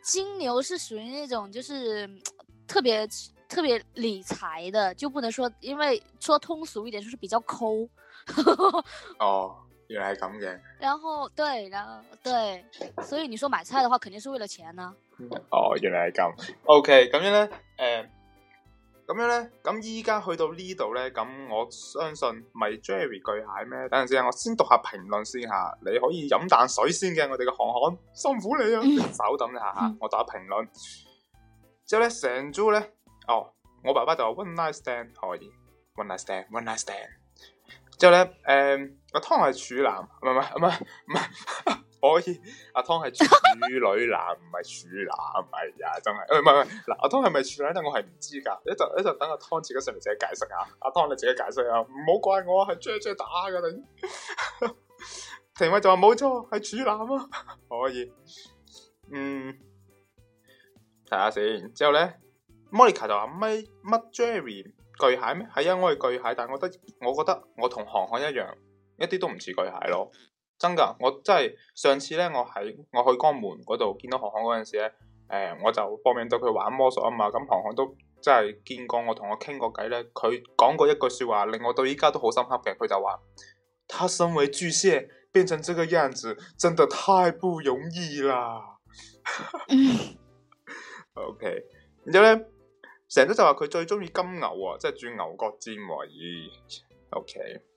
Speaker 2: 金牛是屬於那種就是特別特別理財的，就不能說，因為說通俗一點就是比較摳。
Speaker 1: 哦，原來係咁嘅。
Speaker 2: 然後對，然後對，所以你說買菜的話，肯定是為了錢呢、啊。
Speaker 1: 哦，原來係咁。OK，咁樣咧，誒、呃。咁樣咧，咁依家去到這裡呢度咧，咁我相信咪 Jerry 巨蟹咩？等陣先啊，我先讀下評論先吓，你可以飲啖水先嘅，我哋嘅行行辛苦你啊，稍等一下吓，我讀下評論。之後咧，成組咧，哦，我爸爸就 one night stand 可以，one night stand，one night stand。之後咧，誒、嗯，個湯係處男，唔係唔係唔係唔係。 可以，阿湯係處女男唔係處男咪呀，真係，唔係唔係，嗱，阿湯係咪處男但我係唔知噶，一陣一陣等阿湯自己上嚟自己解釋啊。阿湯你自己解釋啊，唔好怪我，係追追打噶。停咪就話冇錯，係處男啊，可以。嗯，睇下先，之後咧，Monica 就話咪乜 Jerry 巨蟹咩？係啊，我係巨蟹，但係我得，我覺得我同韓寒一樣，一啲都唔似巨蟹咯。真噶，我真係上次咧，我喺我去江門嗰度見到韓寒嗰陣時咧，誒、呃，我就報名對佢玩魔術啊嘛。咁韓寒都真係見過我，同我傾過偈咧，佢講過一句說話令我到依家都好深刻嘅，佢就話：他身為巨蟹，變成這個樣子，真的太不容易啦。 OK，然之後咧，成日都就話佢最中意金牛啊，即係鑽牛角尖咦 OK。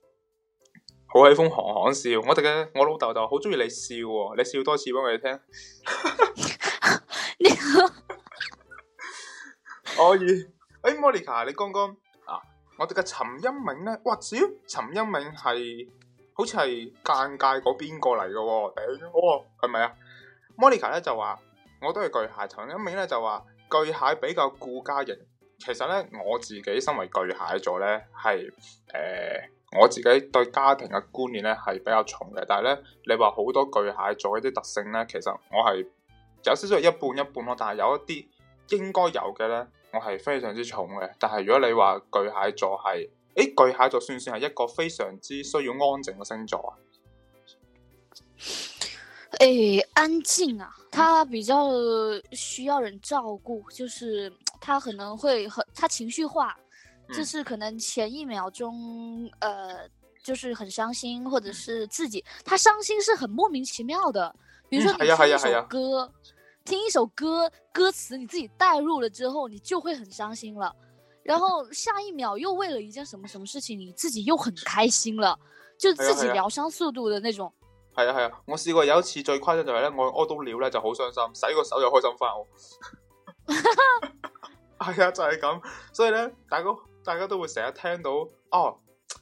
Speaker 1: 好喜歡憨憨笑，我哋嘅，我老豆就好中意你笑，你笑多次俾我哋聽。你可以，哎，Monica，你剛剛啊，我哋嘅陳欽明咧，哇，小陳欽明係，好似係邊界嗰邊過嚟嘅，頂，哦，係咪啊？Monica 咧就話我都係巨蟹，陳欽明咧就話巨蟹比較顧家人，其實咧我自己身為巨蟹座咧係，誒。呃我自己對家庭嘅觀念咧係比較重嘅，但係咧你話好多巨蟹座一啲特性咧，其實我係有少少一半一半咯，但係有一啲應該有嘅咧，我係非常之重嘅。但係如果你話巨蟹座係，誒，巨蟹座算唔算係一個非常之需要安靜嘅星座啊？誒、
Speaker 2: 哎，安靜啊，他比較需要人照顧，就是他可能會很，他情緒化。就是可能前一秒鐘，呃，就是很傷心，或者是自己，他傷心是很莫名其妙的。比如說，聽一首歌，聽一首歌，歌詞你自己帶入了之後，你就會很傷心了。然後下一秒又為了一件什麼什麼事情，你自己又很開心了，就自己療傷速度的那種。
Speaker 1: 係啊係啊，我試過有一次最誇張就係咧，我屙到尿咧就好傷心，洗個手又開心翻我。係啊，就係咁，所以咧，大哥。大家都會成日聽到哦，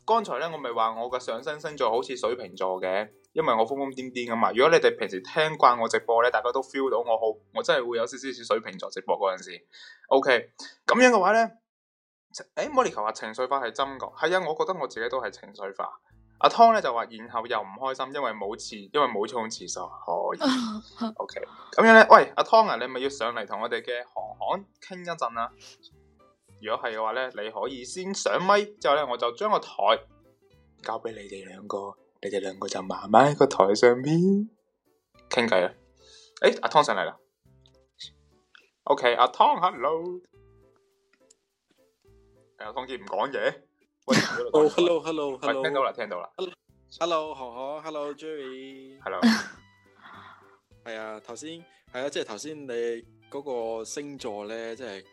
Speaker 1: 剛才咧我咪話我嘅上升星座好似水瓶座嘅，因為我瘋瘋癲癲噶嘛。如果你哋平時聽慣我的直播咧，大家都 feel 到我好，我真係會有少少似水瓶座的直播嗰陣時。OK，咁樣嘅話咧，誒，摩尼球話情緒化係真噶，係啊，我覺得我自己都係情緒化。阿湯咧就話，然後又唔開心，因為冇廁，因為冇沖廁所。可以，OK，咁樣咧，喂，阿湯啊，你咪要上嚟同我哋嘅韓韓傾一陣啊。如果係嘅話咧，你可以先上咪，之後咧我就將個台交俾你哋兩個，你哋兩個就慢慢喺個台上面傾偈啦。誒，阿湯上嚟啦。OK，阿湯，Hello。阿湯點唔講嘢？喂，Hello，Hello，Hello，聽到啦，聽到啦。Hello，何何，Hello，Jerry。係啦。
Speaker 4: 係啊，頭先係啊，即係頭先你嗰個星座咧，即係。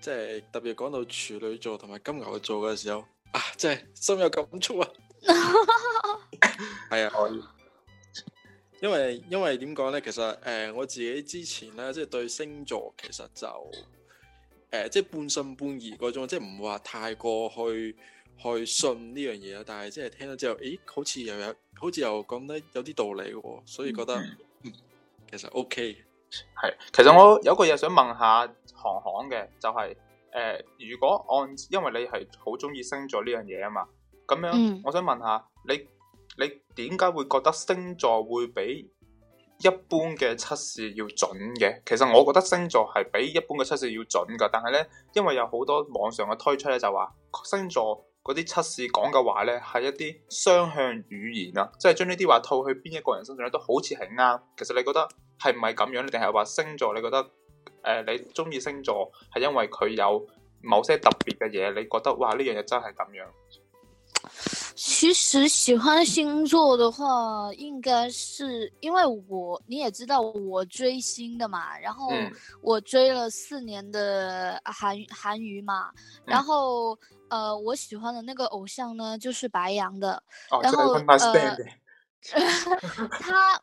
Speaker 4: 即係特別講到處女座同埋金牛座嘅時候，啊，即係心有感觸啊，係 啊，可以，因為因為點講呢？其實誒、呃，我自己之前呢，即、就、係、是、對星座其實就即係、呃就是、半信半疑嗰種，即係唔會話太過去去信呢樣嘢，但係即係聽到之後，咦，好似又有，好似又講得有啲道理嘅、哦，所以覺得、
Speaker 1: 嗯、其實 OK。係，其實我有個嘢想問下行行嘅，就係、是、誒、呃，如果按因為你係好中意星座呢樣嘢啊嘛，咁樣，嗯、我想問下你，你點解會覺得星座會比一般嘅測試要準嘅？其實我覺得星座係比一般嘅測試要準噶，但係咧，因為有好多網上嘅推出咧，就話、是、星座嗰啲測試講嘅話咧，係一啲雙向語言啊，即、就、係、是、將呢啲話套去邊一個人身上咧，都好似係啱。其實你覺得？係唔係咁樣？定係話星座你覺得？誒、呃，你中意星座係因為佢有某些特別嘅嘢？你覺得哇，呢樣嘢真係咁樣？
Speaker 2: 其實喜歡星座嘅話，應該是因為我，你也知道我追星嘅嘛。然後我追了四年的韓韓娛嘛。然後、嗯呃，我喜歡的那個偶像呢，就是白羊的。哦 s 然後他。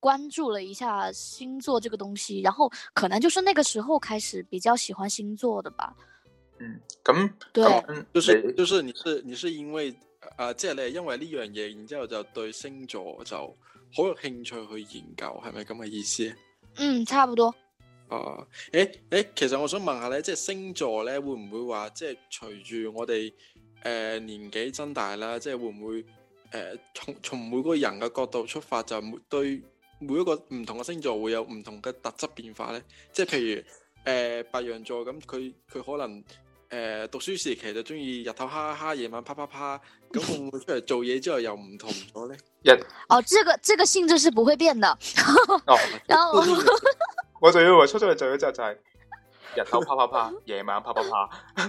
Speaker 2: 關注了一下星座這個東西，然後可能就是那個時候開始比較喜歡星座的吧。嗯，
Speaker 4: 咁對，就是就是，你是你是、呃就是因為啊，即係咧，因為呢樣嘢，然之後就對星座就好有興趣去研究，係咪咁嘅意思？
Speaker 2: 嗯，差不多。
Speaker 4: 哦、呃，誒誒，其實我想問下咧，即係星座咧，會唔會話即係隨住我哋誒、呃、年紀增大啦，即係會唔會誒、呃、從從每個人嘅角度出發就對？每一個唔同嘅星座會有唔同嘅特質變化咧，即係譬如誒、呃、白羊座咁，佢佢可能誒、呃、讀書時期就中意日頭哈哈夜晚啪啪啪，
Speaker 1: 咁會唔會出嚟做嘢之後又唔同咗咧？ 日
Speaker 2: 哦，oh, 這個這個性質是不會變的。
Speaker 1: 哦，我仲以為出咗嚟做嘢之後就係日頭啪啪啪， 夜晚啪啪啪。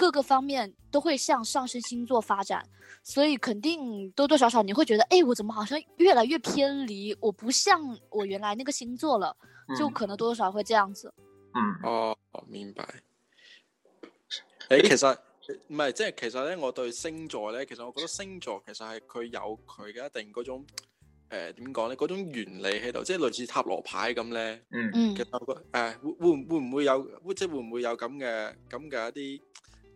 Speaker 2: 各個方面都會向上升星座發展，所以肯定多多少少你會覺得，誒，我怎麼好像越來越偏離，我不像我原來那個星座了，嗯、就可能多多少少會這樣子。
Speaker 4: 嗯，哦，明白。誒，其實，唔係即係其實咧，我對星座咧，其實我覺得星座其實係佢有佢嘅一定嗰種，誒、呃，點講咧，嗰種原理喺度，即係類似塔羅牌咁咧。嗯嗯。其實我誒、呃、會會會唔會有，即係會唔會有咁嘅咁嘅一啲。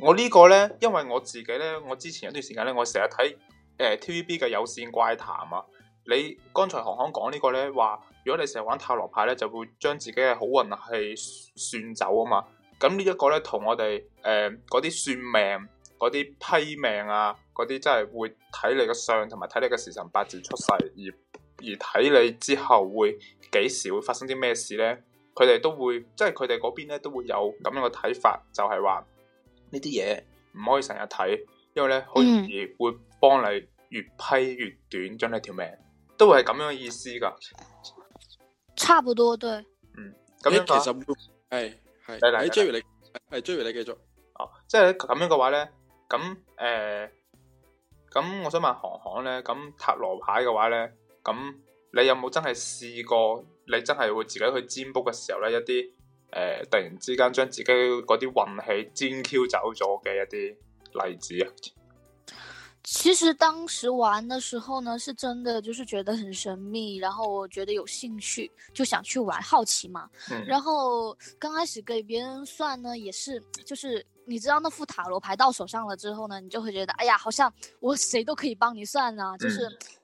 Speaker 1: 我呢個咧，因為我自己咧，我之前有一段時間咧，我成日睇誒 TVB 嘅有線怪談啊。你剛才行行講呢個咧，話如果你成日玩塔羅牌咧，就會將自己嘅好運氣算走啊嘛。咁呢一個咧，同我哋誒嗰啲算命、嗰啲批命啊，嗰啲真係會睇你嘅相，同埋睇你嘅時辰八字出世，而而睇你之後會幾時會發生啲咩事咧？佢哋都會，即係佢哋嗰邊咧都會有咁樣嘅睇法，就係話。呢啲嘢唔可以成日睇，因為咧好容易會幫你越批越短，將你條命都會係咁樣嘅意思噶。
Speaker 2: 差唔多，對。嗯，
Speaker 1: 咁樣其實係係係。誒，Jerry，你係 Jerry，你繼續。哦，即係咁樣嘅話咧，咁誒，咁、欸、我想問行行咧，咁塔羅牌嘅話咧，咁你有冇真係試過？你真係會自己去占卜嘅時候咧，一啲。呃、突然之間將自己嗰啲運氣煎 Q 走咗嘅一啲例子啊！
Speaker 3: 其實
Speaker 2: 當時玩嘅時候呢，是真的，就是覺得很神秘，然後我覺得有興趣，就想去玩，好奇嘛。嗯、然後剛開始給別人算呢，也是，就是你知道那副塔羅牌到手上了之後呢，你就會覺得，哎呀，好像我誰都可以幫你算啊！嗯」就是。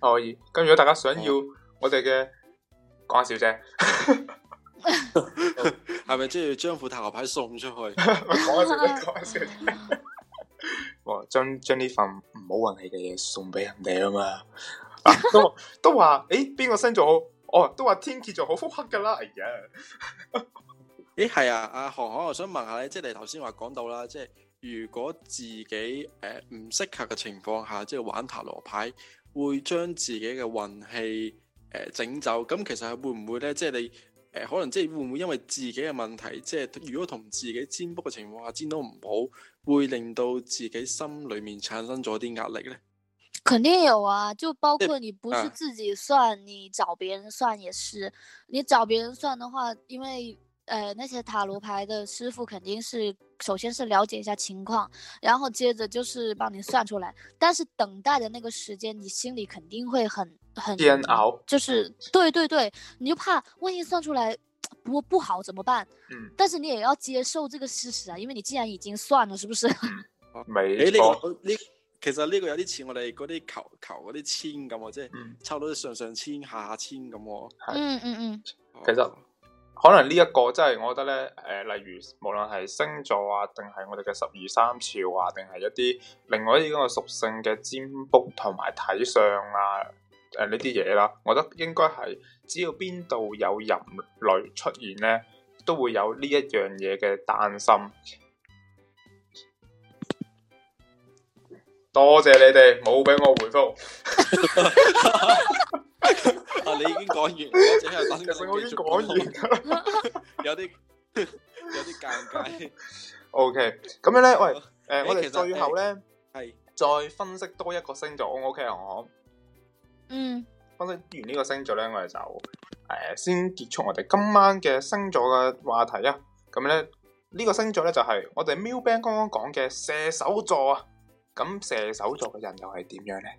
Speaker 1: 哦、可以，咁如果大家想要我哋嘅關小姐，係咪即係將副塔羅牌送出去？
Speaker 3: 講下笑，講下笑。
Speaker 1: 哇、 哦，將將呢份唔好運氣嘅嘢送俾人哋啊嘛！ 啊都都話，誒，邊個星座好？哦，都話天蠍座好腹黑噶啦！哎呀，咦， 係啊，
Speaker 4: 阿韓寒，我想問下，即係你頭先話講到啦，即係如果自己誒唔、呃、適合嘅情況下，即係玩塔羅牌。會將自己嘅運氣誒整走，咁其實係會唔會咧？即係你誒、呃，可能即係會唔會因為自己嘅問題，即係如果同自己占卜嘅情況下占到唔好，會令到自己心裏面產生咗啲壓力咧？
Speaker 2: 肯定有啊，就包括你不是自己算，嗯、你找別人算也是。你找別人算的話，因為。呃，那些塔羅牌的師傅肯定是，首先是了解一下情況，然後接着就是幫你算出來。但是等待的那個時間，你心裏肯定會很很煎熬，就是對對對，你就怕萬一算出來不不好怎麼辦？嗯、但是你也要接受這個事實啊，因為你既然已經算了，是不是？嗯、
Speaker 1: 沒錯，呢，
Speaker 4: 其實呢個有啲似我哋嗰啲求求嗰啲簽咁，即係、嗯、抽到上上簽、下
Speaker 1: 下簽咁。嗯嗯嗯，其實。可能呢一個真係我覺得呢誒、呃、例如無論係星座啊，定係我哋嘅十二生肖啊，定係一啲另外一啲嗰個屬性嘅占卜同埋睇相啊，誒呢啲嘢啦，我覺得應該係只要邊度有人類出現呢，都會有呢一樣嘢嘅擔心。多謝你哋冇俾我回覆。 啊！你已經講完，我只係其實我已講完啦， 有啲有啲尷尬。O K，咁樣咧，喂，誒、欸，呃、我哋最後咧，係、欸、再分析多一個星座，O K，好。行、okay。嗯，分析完呢個星座咧，我哋就誒、呃、先結束我哋今晚嘅星座嘅話題啊。咁咧，呢、這個星座咧就係、是、我哋喵兵剛剛講嘅射手座啊。咁射手座嘅人又係點樣咧？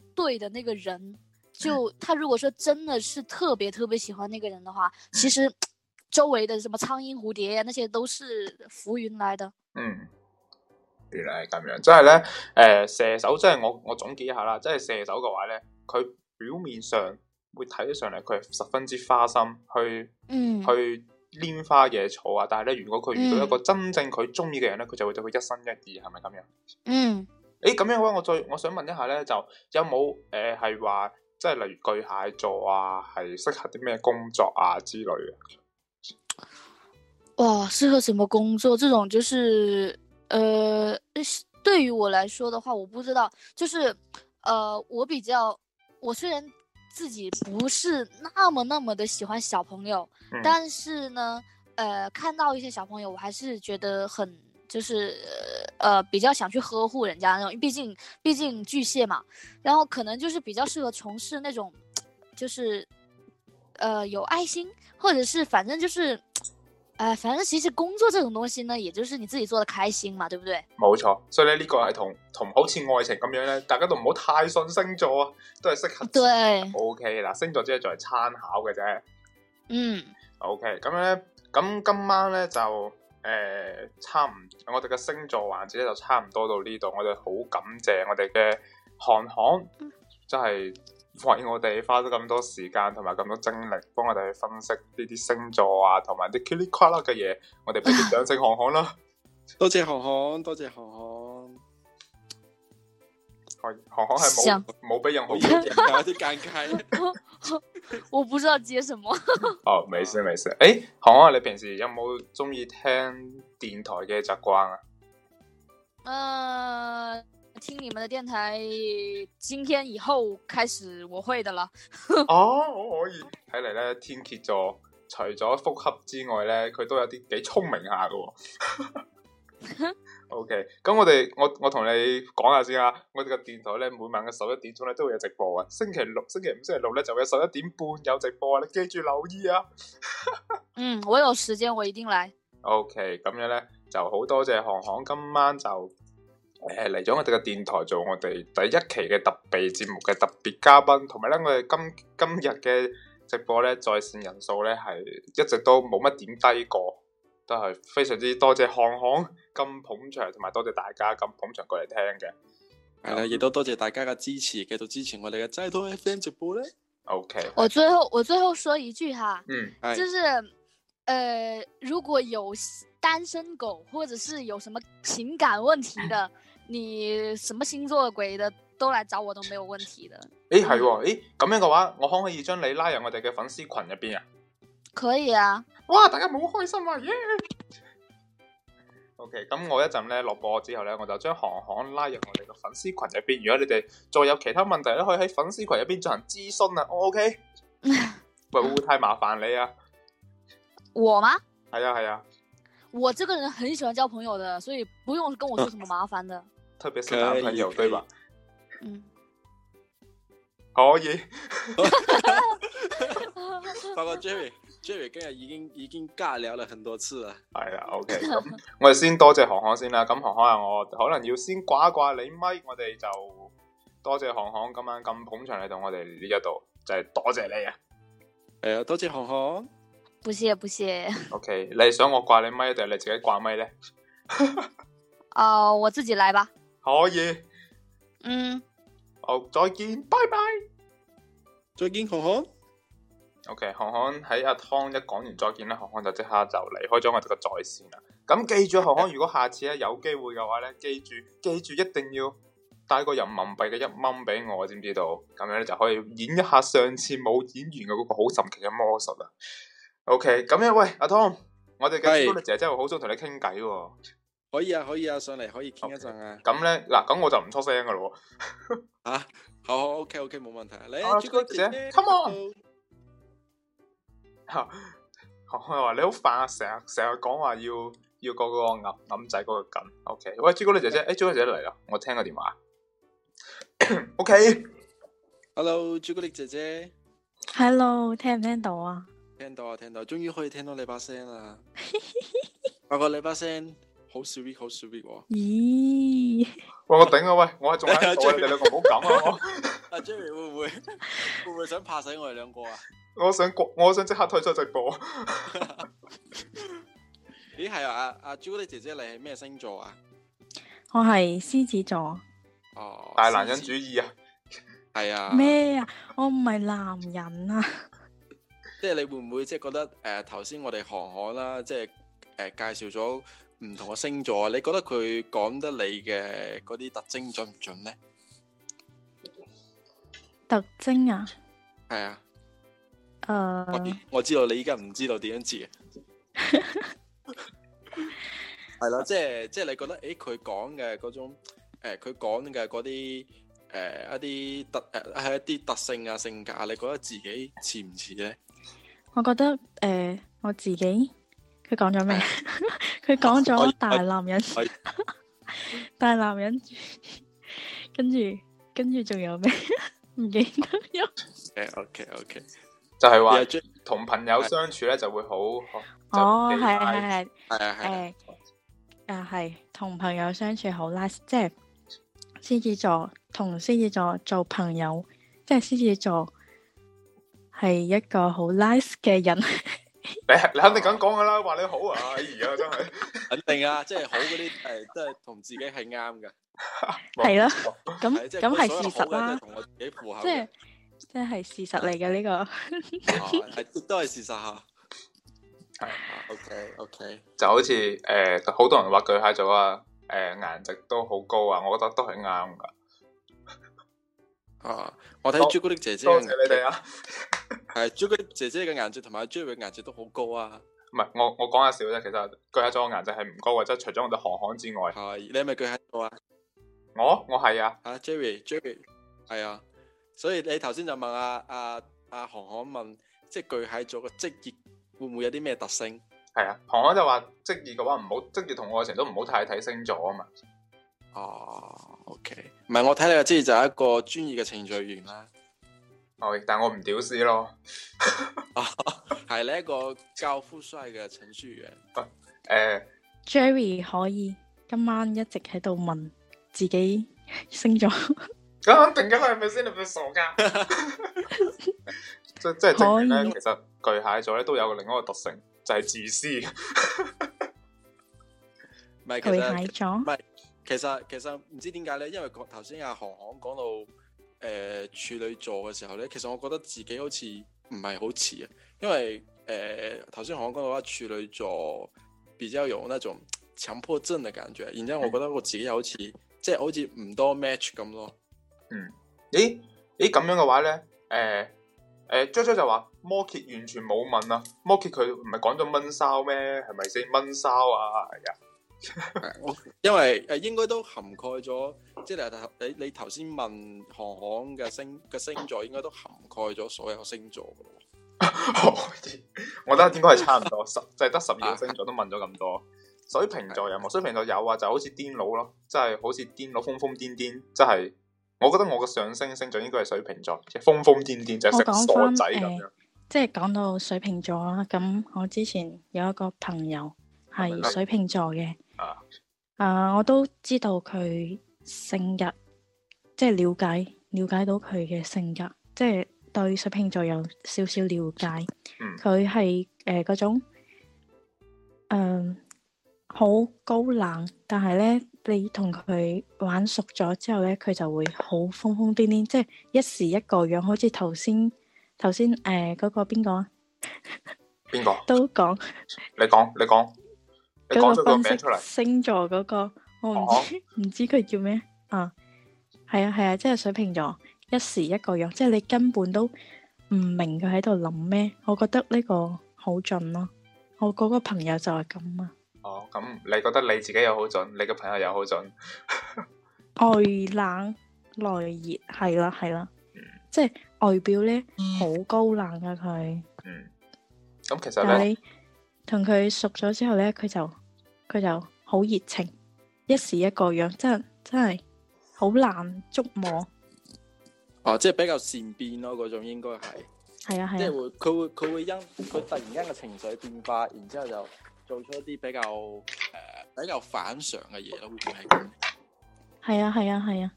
Speaker 2: 對的那個人，就他如果說真的是特別特別喜歡那個人的話，其實周圍的什麼蒼蠅蝴蝶呀，那些都是浮雲來的。
Speaker 1: 嗯，原來係咁樣，即係咧，誒、呃，射手即係我我總結一下啦，即係射手嘅話咧，佢表面上會睇得上嚟佢係十分之花心，去、
Speaker 3: 嗯、去
Speaker 1: 拈花惹草啊，但係咧，如果佢遇到一個真正佢中意嘅人咧，佢、嗯、就會對佢一心一意，係咪咁樣？嗯。誒，咁樣嘅話我，我再我想問一下咧，就有冇誒係話，即係例如巨蟹座啊，係適合啲咩工作啊之類嘅？
Speaker 3: 哇，適
Speaker 2: 合什麼工作？這種就是，誒、呃，對於我來說嘅話，我不知道，就是，誒、呃，我比較，我雖然自己不是那麼那麼的喜歡小朋友，嗯、但是呢，誒、呃，看到一些小朋友，我還是覺得很，就是。呃誒、呃，比較想去呵護人家那種，畢竟畢竟巨蟹嘛，然後可能就是比較適合從事那種，就是，誒、呃、有愛心，或者是反正就是、呃，反正其實工作這種東西呢，也就是你自己做得開心嘛，對不對？
Speaker 1: 冇錯，所以呢，呢個係同同好似愛情咁樣咧，大家都唔好太信星座啊，都係適合對，OK 啦，星座只係作為參考嘅啫，
Speaker 3: 嗯
Speaker 1: ，OK 咁咧，咁今晚咧就。誒、欸，差唔，我哋嘅星座環節咧就差唔多到呢度，我哋好感謝我哋嘅韓寒，即係為我哋花咗咁多時間同埋咁多精力，幫我哋去分析呢啲星座啊，同埋啲嘰里呱啦嘅嘢，我哋不如掌聲韓寒啦 多謝韓寒，多謝韓寒，多謝韓寒。韓韓係冇冇俾任何意見，
Speaker 3: 有啲
Speaker 2: 尷尬 我。我不知道接什麼。
Speaker 1: 哦，沒事沒事。誒、欸，韓韓，你平時有冇中意聽電台嘅習慣啊？
Speaker 2: 誒、呃，聽你們嘅電台，今天以後開始我會㗎啦。 哦，我
Speaker 1: 可以睇嚟咧，天蠍座除咗復合之外咧，佢都有啲幾聰明下噶。O K，咁我哋我我同你講下先啊，我哋個電台咧每晚嘅十一點鐘咧都會有直播啊，星期六、星期五、星期六咧就會有十一點半有直播啊，你記住留意啊。呵
Speaker 2: 呵嗯，我有時間，我一定嚟。
Speaker 1: O K，咁樣咧就好多謝韓韓今晚就誒嚟咗我哋嘅電台做我哋第一期嘅特備節目嘅特別嘉賓，同埋咧我哋今今日嘅直播咧在線人數咧係一直都冇乜點低過。都係非常之多謝韓韓咁捧場，同埋多謝大家咁捧場過嚟聽嘅，係啊、嗯，亦都多謝,謝大家嘅支持，繼續支持我哋嘅再多 fans 直播啦。OK，我最
Speaker 2: 後我最後說一句哈，嗯，就是，誒是、呃，如果有單身狗，或者是有什麼情感問題嘅， 你什麼星座鬼的都來找我都沒有問題的。
Speaker 1: 誒，係喎，誒，咁樣嘅話，我可唔可以將你拉入我哋嘅粉絲群入邊啊？
Speaker 2: 可以啊。哇！
Speaker 1: 大家好開心啊，耶、yeah!！OK，咁我一陣咧，落播之後咧，我就將行行拉入我哋個粉絲群入邊。如果你哋再有其他問題咧，可以喺粉絲群入邊進行諮詢啊。Oh, OK， 會唔會太麻煩你啊？
Speaker 2: 我嗎？
Speaker 1: 係啊係啊，啊
Speaker 2: 我這個人很喜歡交朋友的，所以不用跟我說什麼麻煩的。
Speaker 1: 特別是男朋友以對吧？嗯，可以。拜拜，Jerry。Jerry 今日已經已經尬聊了很多次啦，係啦 Yeah，OK，咁 我哋先多謝航航先啦，咁航航啊，我可能要先掛一掛你咪，我哋就多謝航航今晚咁捧場嚟到我哋呢一度，就係、是、多謝你啊，係啊，多謝航航，
Speaker 2: 不謝不謝
Speaker 1: ，OK，你想我掛你咪，定係你自己掛咪咧？
Speaker 2: 哦 ，uh, 我自己嚟吧，
Speaker 1: 可以，嗯，um, 好，再見，拜拜，再見，航航。O K，韓韓喺阿湯一講完再見啦，韓韓就即刻就離開咗我哋個在線啦。咁記住，韓韓如果下次咧有機會嘅話咧，記住記住一定要帶個人民幣嘅一蚊俾我，知唔知道？咁樣咧就可以演一下上次冇演完嘅嗰個好神奇嘅魔術喇。O K，咁樣喂，阿湯，我哋嘅朱小姐真係好想同你傾偈。哦。可以啊，可以啊，上嚟可以傾一陣，okay, 啊。咁咧嗱，咁我就唔出聲噶咯。吓，好好 O K O K，冇問題。嚟，朱小姐，姐，主角姐，
Speaker 3: 姐，Come on 姐姐。
Speaker 1: 我話 你好煩啊！成日成日講話要要個個諗諗仔嗰個緊。O、OK、K，喂朱古力姐姐，Okay. 誒朱古力姐姐嚟啦，我聽個電話。
Speaker 4: o Okay . K，Hello
Speaker 1: 朱古力姐姐
Speaker 5: ，Hello 聽唔聽到啊？
Speaker 4: 聽到啊，聽到，終於可以聽到你把聲啦。話過 你把聲。好 sweet，好 sweet
Speaker 5: 喎！咦？
Speaker 4: 喂，我頂啊！喂，我係仲，係我哋兩個唔好咁啊！阿 Judy 會唔會，會唔會想拍死我哋兩個啊？
Speaker 1: 我想我我想即刻退出直播。
Speaker 4: 咦？係啊！阿，阿 Judy 姐姐，你係咩星座啊？
Speaker 5: 我係獅子座。哦，
Speaker 4: 大男人主義啊！係啊。咩
Speaker 5: 啊？我唔係男人啊！
Speaker 4: 即係你會唔會即係覺得誒頭先我哋韓寒啦，即係誒介紹咗。唔同嘅星座，你覺得佢講得你嘅嗰啲特徵準唔準呢？
Speaker 5: 特徵啊，
Speaker 4: 係啊，誒、uh 哎，我知道你依家唔知道點樣知嘅，係啦、 啊，即係即係你覺得，誒、欸，佢講嘅嗰種，誒、欸，佢講嘅嗰啲，誒、欸，一啲特，係、欸、一啲特性啊，性格，你覺得自己似唔似咧？
Speaker 5: 我覺得，誒、呃，我自己，佢講咗咩？
Speaker 4: 佢講咗大男人，
Speaker 5: 大男人，跟住跟住仲有咩？唔記得咗。
Speaker 1: 誒，OK OK，就係話同朋友相處咧就會好。哦，係係係啊係。
Speaker 5: 誒，啊係，同朋友相處好 nice，即係獅子座同獅子座做朋友，即係獅子座係一個好 nice 嘅人。
Speaker 1: 你係你肯定咁講噶啦，話你好啊，而家真
Speaker 4: 係，肯定啊，即係好嗰啲係都係同自己係啱噶，係咯，
Speaker 5: 咁咁係事實啦，
Speaker 1: 即係
Speaker 5: 即係事實嚟嘅呢個，
Speaker 1: 係亦都係事實吓，係，OK OK，就好似誒好多人話巨蟹座啊，誒顏值都好高啊，我覺得都係啱噶。啊！我睇朱古力姐姐，多謝你哋啊是！係 朱古力姐姐嘅顏值同埋 Jerry 嘅顏值都好高啊！唔係我我講下笑啫，其實巨蟹座嘅顏值係唔高嘅，即係除咗我哋韓寒之外。係、啊、你係咪巨蟹座啊？我我係啊、uh,。
Speaker 4: 啊，Jerry，Jerry 係啊。所以你頭先就問阿阿阿韓寒問，
Speaker 1: 即係巨蟹座嘅職業會唔會有啲咩特性？係啊，韓寒就話職業嘅話唔好，職業同愛情都唔好太睇星座啊嘛。哦、oh,，OK，唔係我睇你嘅職業就係一個專業嘅程序員啦。哦，但我唔屌絲咯，
Speaker 4: 係 你一個高富帥嘅程序員。誒、uh, 欸、
Speaker 5: ，Jerry 可以今晚一直喺度問自己星座？
Speaker 1: 咁 穩 定嘅啦，係咪先？你咪傻噶？即即係正咧，其實巨蟹座咧都有另一個特性，就係、是、
Speaker 4: 自私。 巨蟹座。其實其實唔知點解咧，因為頭先阿韓韓講到誒、呃、處女座嘅時候咧，其實我覺得自己好似唔係好似啊，因為誒頭先韓韓講到話處女座比較有那種強迫症嘅感覺，然之後我覺得我自己又好似即係好似唔多 match 咁
Speaker 1: 咯。嗯，咦咦咁樣嘅話咧，誒呢誒 Jo 就話摩羯完全冇問啊，摩羯佢唔係講咗悶騷咩？係咪先悶騷啊？係、哎、啊。 因為誒，應該都涵蓋咗，即係你你
Speaker 4: 頭先問行行嘅星嘅星座，應該都涵蓋咗所有星座嘅。
Speaker 1: 我覺得應該係差唔多十，就係得十二個星座都問咗咁多。水瓶座有冇？水瓶座有啊，就是、好似癲佬咯，即、就、係、是、好似癲佬瘋瘋癲癲，即係我覺得我嘅上升星座應該係水瓶座，即係瘋瘋癲癲，就係成傻仔咁樣。呃、
Speaker 5: 即係講到水瓶座啦，咁我之前有一個朋友係水瓶座嘅。是啊！Uh, 我都知道佢性格，即係了解，了解到佢嘅性格，即係對水瓶座有少少了解。佢係誒嗰種，嗯、呃，好高冷，但係咧，你同佢玩熟咗之後咧，佢就會好瘋瘋癲癲，即係一時一個樣，好似頭先頭先誒嗰個邊個、啊？
Speaker 1: 邊個誰？
Speaker 5: 都講說。
Speaker 1: 你講，你講。嗰個分析
Speaker 5: 星座嗰、那個，我唔知唔、oh. 知佢叫咩啊？係啊係啊，即係、啊就是、水瓶座，一時一個樣，即、就、係、是、你根本都唔明佢喺度諗咩。我覺得呢個好準咯、啊。我嗰個朋友就係咁啊。
Speaker 1: 哦，咁你覺得你自己又好準，你個朋友又好準。
Speaker 5: 外冷內熱，係啦係啦，啊 mm. 即係外表咧好、mm. 高冷啊！佢
Speaker 1: ，mm. 其實你
Speaker 5: 同佢熟咗之後咧，佢就～佢就好熱情，一時一個樣，真係真係好難捉摸。
Speaker 4: 哦，即係比較善變咯，嗰種應該係。
Speaker 5: 係啊係啊。啊即係會
Speaker 4: 佢會佢會因佢突然間嘅情緒變化，然之後就做出一啲比較
Speaker 1: 誒、呃、比較反常嘅嘢咯，會係咁。
Speaker 5: 係啊係啊係啊。啊
Speaker 1: 啊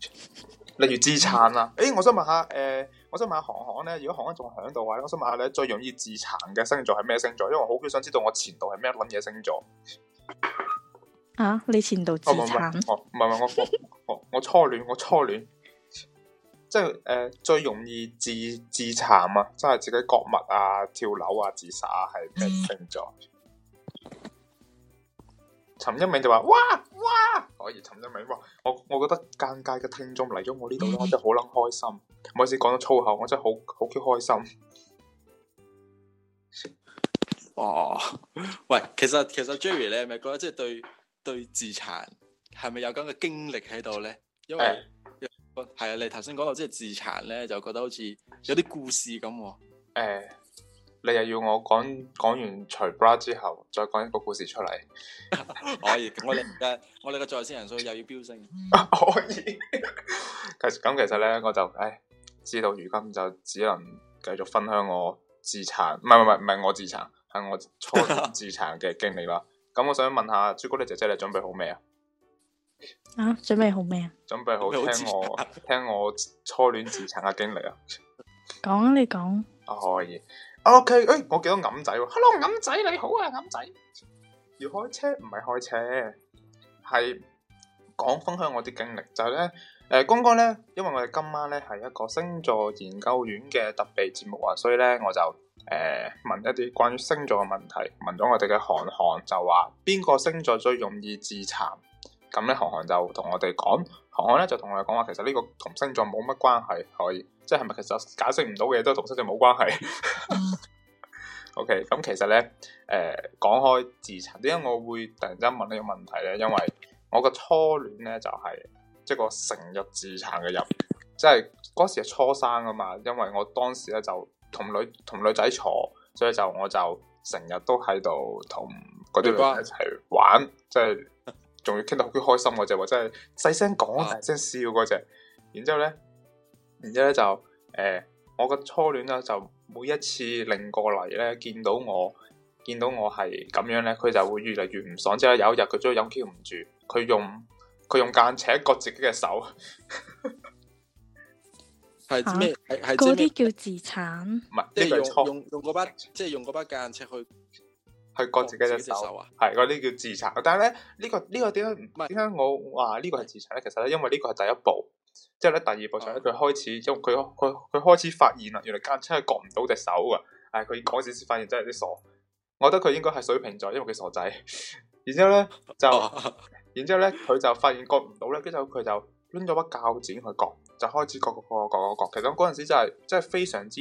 Speaker 1: 例如自殘啦，誒、欸，我想問下誒、欸，我想問下行行咧，如果行行仲響度話，我想問下你最容易自殘嘅星座係咩星座？因為我好想知道我前度係咩撚嘢星座。
Speaker 5: 啊！你前度自殘？唔係唔
Speaker 1: 係我我我初戀，我初戀即係誒、呃、最容易自自殘啊，即係自己割脈啊、跳樓啊、自殺啊，係咩星座？陳 一明就話：，哇哇，可以。陳一明話：，我我覺得尷尬嘅聽眾嚟咗我呢度咧， 我真係好捻開心。唔好意思講咗粗口，我真係好好幾開心。哦，喂，其
Speaker 4: 實其實 Jerry 咧，你係咪覺得即係對。對自殘係咪有咁嘅經歷喺度咧？因
Speaker 1: 為係、欸、啊，你頭先講到即係自殘咧，就覺得好似有啲故事咁、哦。誒、欸，你又要我講講完除 bra 之後，再講一個故事出嚟？ 可以，我哋誒， 我哋嘅在綫人數又要飆升。 可以，咁 其實咧，我就誒、哎、知道，如今就只能繼續分享我自殘，唔係唔係唔係我自殘，係我初自殘嘅經歷啦。 咁我想問下朱古力姐姐，你準備好咩啊？
Speaker 5: 啊，準備好咩啊？
Speaker 1: 準備好聽我聽我初戀自殘嘅經歷啊！
Speaker 5: 講 你講
Speaker 1: 可以，OK？誒、欸，我見到揞仔喎，Hello，揞仔你好啊，揞仔。要開車唔係開車，係講分享我啲經歷。就係、是、咧，誒、呃，剛剛咧，因為我哋今晚咧係一個星座研究院嘅特別節目啊，所以咧我就。誒、呃，問一啲關於星座嘅問題，問咗我哋嘅韓寒就話邊個星座最容易自殘？咁咧，韓寒就同我哋講，韓寒咧就同我哋講話，其實呢個同星座冇乜關係，可以，即係咪其實解釋唔到嘅嘢都同星座冇關係？OK，咁其實咧，誒、呃，講開自殘，點解我會突然之間問呢個問題咧？因為我個初戀咧就係即係個成日自殘嘅人，即係嗰時係初三噶嘛，因為我當時咧就。同女同女仔坐，所以就我就成日都喺度同嗰啲女一齊玩，即係仲要傾到好開心嗰隻，即係細聲講先笑嗰隻、那個。然之後咧，然之後咧就誒、呃，我嘅初戀啦，就每一次擰過嚟咧，見到我見到我係咁樣咧，佢就會越嚟越唔爽。即係有一日，佢終於忍唔住，佢用佢用間尺割自己嘅手。 係咩？係係嗰啲
Speaker 5: 叫自殘。唔係是，即
Speaker 1: 係用用嗰把，即、就、係、是、用把間尺去去割自己隻手,手啊！係嗰啲叫自殘。但係咧呢、這個、這個是這個、呢個點解唔點解我話呢個係自殘咧？其實咧，因為呢個係第一步，之後咧第二步就咧佢開始，啊、因為佢佢佢開始發現啦，原來間尺係割唔到隻手啊！唉、哎，佢嗰時先發現真係啲傻。我覺得佢應該係水瓶座，因為佢傻仔。然之後咧就， 然之後咧佢就發現割唔到咧，之後佢就。拎咗把鉸剪去割，就開始割割割割割割。其實嗰陣時真係真係非常之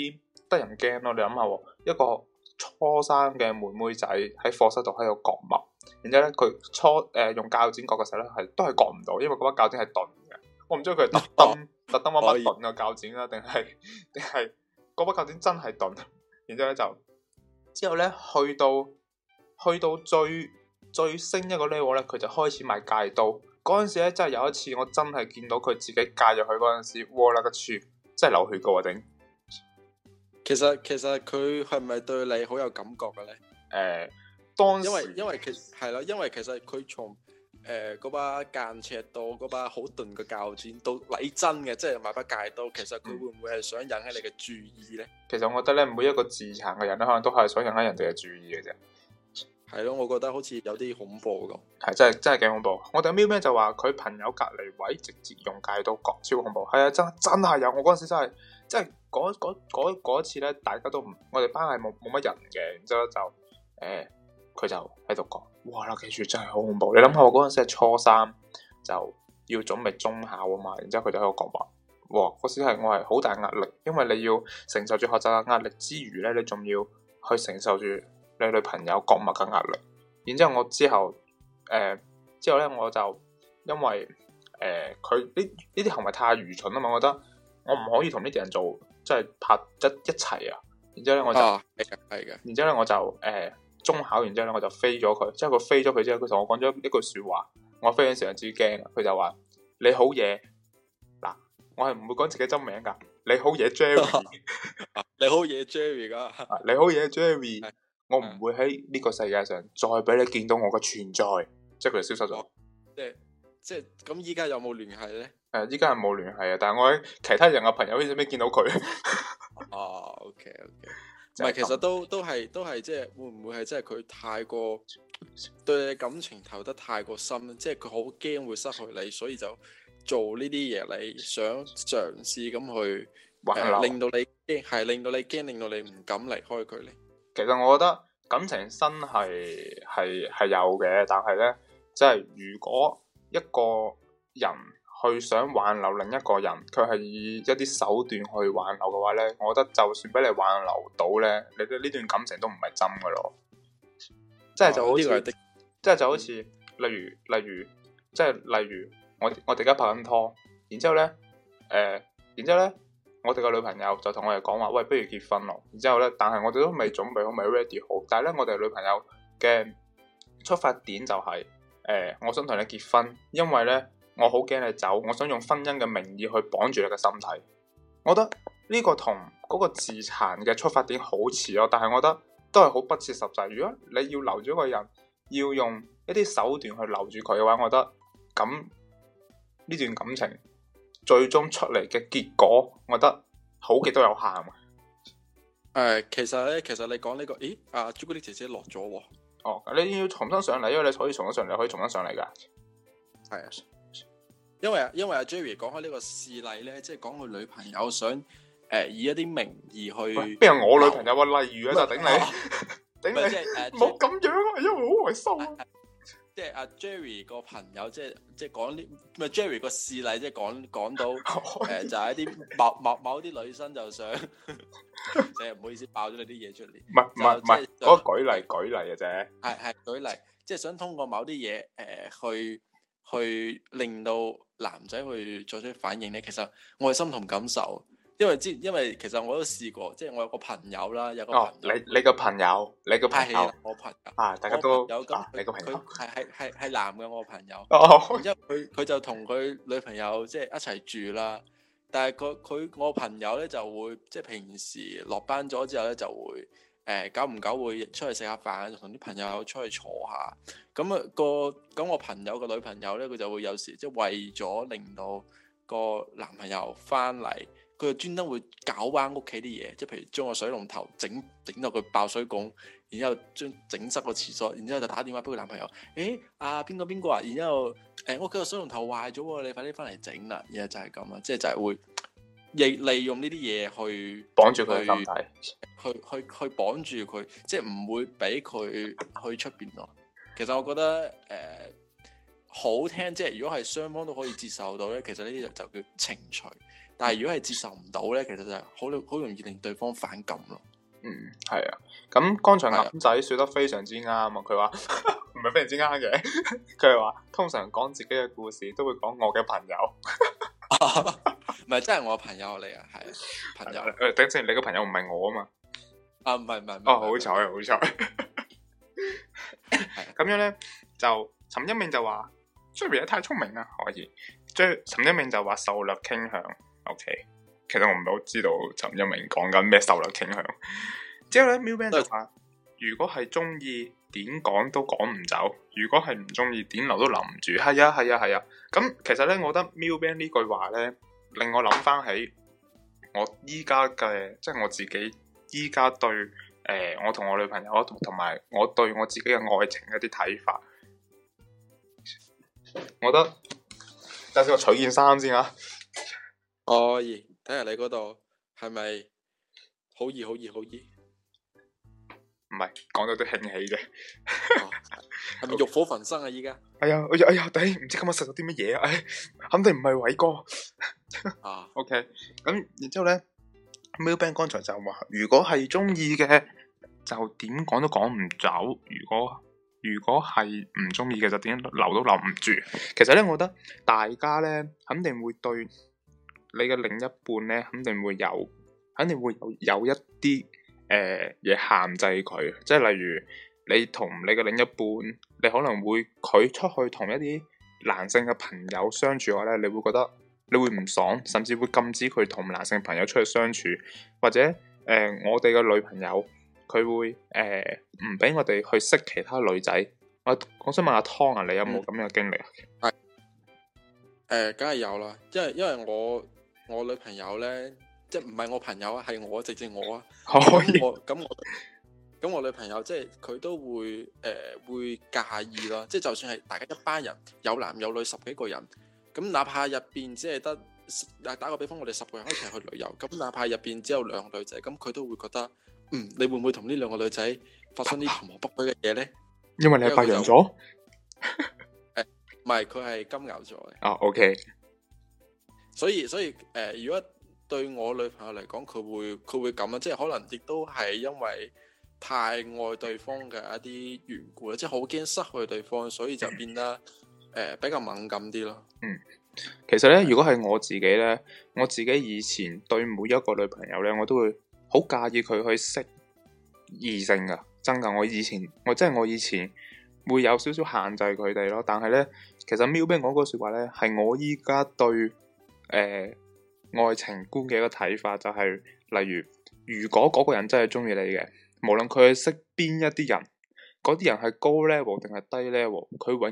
Speaker 1: 得人驚咯！你諗下，一個初三嘅妹妹仔喺課室度喺度割脈，然之後咧佢初誒、呃、用鉸剪割嘅時候咧係都係割唔到，因為嗰把鉸剪係鈍嘅。我唔知佢特登特登揾把鈍嘅鉸剪啦，定係定係嗰把鉸剪真係鈍。然之後咧就之後咧去到去到最最升一個 level 咧，佢就開始買界刀。嗰陣時咧，真係有一次，我真係見到佢自己介入去嗰陣時候，哇啦、嗰個血，真係流血噶喎頂。其實其實佢
Speaker 4: 係咪對你好有感覺嘅咧？誒、欸，當時因為因為其實係咯，因為其實佢從誒嗰把間尺把刀刀到嗰把好鈍嘅鉸剪到禮真嘅，
Speaker 1: 即係買把戒刀，其實佢會唔會係想引起你嘅注意咧、嗯？其實我覺得咧，每一個自殘嘅人咧，可能都係想引起人哋嘅注意嘅啫。係咯，我覺得好似有啲恐怖咁。係真係真係幾恐怖。我哋喵喵就話佢朋友隔籬位直接用戒刀割，超恐怖。係啊，真真係有。我嗰陣時真係，即係嗰一次咧，大家都唔，我哋班係冇冇乜人嘅。然之後就誒，佢、呃、就喺度講，哇啦，記住真係好恐怖。的你諗下，我嗰陣時係初三，就要準備中考啊嘛。然之後佢就喺度講話，哇，嗰時係我係好大的壓力，因為你要承受住學習嘅壓力之餘咧，你仲要去承受住。你女朋友購物嘅壓力，然之後我之後，誒、呃，之後咧我就因為誒佢呢呢啲行為太愚蠢啊嘛，我覺得我唔可以同呢啲人做，即係拍一一齊啊。然之後咧我就係嘅，係嘅。然之後咧我就誒中考完之後咧我就飛咗佢，之後佢飛咗佢之後，佢同我講咗一句說話，我非常之驚佢就話，你好嘢，嗱，我係唔會講自己真名噶，你好嘢 Jerry，你好嘢 Jerry 啊，你好嘢 Jerry。 我唔會喺呢個世界上再俾你見到我嘅存在，即係佢消失咗。
Speaker 4: 即係即係咁，依家有冇聯繫咧？
Speaker 1: 誒，依家係冇聯繫啊！但係我喺其他人嘅朋友圈呢，有冇見到佢？啊，OK OK，唔係，其實
Speaker 4: 都都係都係，即係會唔會係，即係佢太過對你感情投得太過深，即係佢好驚會失去你，所以就做呢啲嘢你想嘗試咁去令到你驚，係令到你驚，令到你唔敢離開佢
Speaker 1: 咧。其實我覺得感情真係係係有嘅，但係咧，即係如果一個人去想挽留另一個人，佢係以一啲手段去挽留嘅話咧，我覺得就算俾你挽留到咧，你對呢段感情都唔係真噶咯。
Speaker 4: 即係就好似，即
Speaker 1: 係，啊，就好似，例如例如，即係例如，我我哋而家拍緊拖，然之後咧，誒、呃，然之後咧。我哋嘅女朋友就同我哋講話，喂，不如結婚咯！然之後呢，但係我哋都未準，準備好，未 ready 好。但係呢，我哋女朋友嘅出發點就係、是，誒、呃，我想同你結婚，因為呢，我好驚你走，我想用婚姻嘅名義去綁住你嘅身體。我覺得呢個同嗰個自殘嘅出發點好似咯，但係我覺得都係好不切實際。如果你要留住一個人，要用一啲手段去留住佢嘅話，我覺得噉呢段感情。最終出嚟嘅結果，我覺得好極都有限啊！誒、呃，其實咧，其實你講呢、這個，咦？阿、啊、朱古力姐姐落咗喎、哦。哦，你要重新上嚟，因為你可以重新上嚟，可以重新上嚟噶。係啊，
Speaker 4: 因為因為阿 Jerry 講開呢個事例咧，即係講佢女朋友想誒、呃、以一啲名義去。邊係我女朋友個啊？例如就頂你，啊、頂你，唔好
Speaker 1: 咁樣啊，樣啊因為好猥瑣即係阿
Speaker 4: Jerry 個朋友，即係即係講呢，唔係 Jerry 個事例，即係講講到誒、 呃，就係一啲某某某啲女生就想，唔 好意思爆咗你啲嘢出嚟，
Speaker 1: 唔係唔係唔係，嗰個舉
Speaker 4: 例舉例嘅啫，係係舉例，即係想通過某啲嘢誒去去令到男仔去作出反應咧，其實愛心同感受。因為之因為其實我都試過，即係我有個朋友啦，有個哦，你你個朋
Speaker 1: 友，個朋友哦、你個朋友，我朋友啊，大家都
Speaker 4: 有咁，你個朋友係係係男嘅，我朋友哦，然之後佢佢就同佢女朋友即係、就是、一齊住啦，但係佢佢我朋友咧就會即係、就是、平時落班咗之後咧就會誒、呃、久唔久會出去食下飯，同啲朋友出去坐下，咁、那、啊個咁我朋友個女朋友咧佢就會有時即係、就是、為咗令到個男朋友翻嚟。佢專登會搞彎屋企啲嘢，即係譬如將個水龍頭整整到佢爆水管，然之後將整塞個廁所，然之後就打電話俾佢男朋友，誒，啊，邊個邊個啊，然之後誒，我、哎、嘅、哦、水龍頭壞咗，你快啲翻嚟整啦，然後就係咁啦，即係就係、是、會亦利用呢啲嘢去綁住佢、就是、去去去綁住佢，即係唔會俾佢去出邊咯。其實我覺得誒、呃、好聽，即係如果係雙方都可以接受到咧，其實呢啲就叫情趣。
Speaker 1: 但係如果係接受唔到咧，其實就係好好容易令對方反感咯。嗯，係啊。咁剛才男仔說得非常之啱啊，佢話唔係非常之啱嘅。佢係話通常講自己嘅故事，都會講我嘅朋友。唔係真係我朋友嚟啊？係啊，朋友。誒、啊，啊、等一先，你個朋友唔係我啊嘛？啊，唔係唔係。不是哦，好彩，好彩。係咁樣咧，就陳一鳴就話出 a 太聰明啊。」可以。最陳一鳴就話受虐傾向。O.K.，其實我唔係好知道陳一明講緊咩受虐傾向。之後咧 Yeah. m i l b a n 就話：如果係中意，點講都趕唔走；如果係唔中意，點留都留唔住。係啊，係啊，係啊。咁其實咧，我覺得 m i l b a n 呢句話咧，令我諗翻起我依家嘅，即、就、係、是、我自己依家對誒、呃，我同我女朋友同埋我對我自己嘅愛情一啲睇法。我覺得，等下先我取件衫先吓。
Speaker 4: 可以，睇下、oh, yeah. 你嗰度係咪好熱？好熱？好熱？
Speaker 1: 唔係講到都興起嘅，係咪欲火焚身啊？依家 Okay. 在哎呀，哎呀，頂、哎、唔知今日食咗啲乜嘢啊！哎，肯定唔係偉哥啊。 oh. OK，咁然之後咧，Mild Bank 剛才就話，如果係中意嘅，就點講都講唔走；如果如果係唔中意嘅，就點留都留唔住。其實咧，我覺得大家咧，肯定會對。你嘅另一半咧，肯定會有，肯定會有有一啲誒嘢限制佢，即係例如你同你嘅另一半，你可能會佢出去同一啲男性嘅朋友相處嘅話咧，你會覺得你會唔爽，甚至會禁止佢同男性朋友出去相處，或者誒、呃、我哋嘅女朋友佢會誒唔俾我哋去識其他女仔。我、啊、我想問下阿湯啊，你有冇咁樣嘅經歷啊？係
Speaker 4: 誒、嗯，梗係、呃、有啦，因為因為我。我女朋友咧，即係唔係我朋友啊，係我直接我啊，我咁我咁我女朋友，即係佢都會誒會介意咯。即係就算係大家一班人，有男有女十幾個人，咁哪怕入邊只係得，打個比方，我哋十個人可以一齊去旅遊，咁哪怕入邊只有兩個女仔，咁佢都會覺得，嗯，你會唔會同呢兩個女仔發生啲情話不軌嘅嘢咧？因為你係白羊座，誒，唔係佢係金牛座嘅。哦，OK。所以所以誒、呃，如果對我女朋友嚟講，佢會佢會咁啊，即係可能亦都係因為太愛對方嘅一啲緣故啦，即係好驚失去對方，所以就變得
Speaker 1: 誒、嗯呃、比較敏感啲咯。嗯，其實咧，是的如果係我自己咧，我自己以前對每一個女朋友咧，我都會好介意佢去識異性噶，真噶。我以前我即係我以前會有少少限制佢哋咯。但係咧，其實喵兵講嗰個説話咧，係我依家對。誒、呃，愛情觀嘅一個睇法就係，是，例如如果嗰個人真係中意你嘅，無論佢識邊一啲人，嗰啲人係高 level 定係低 level，佢永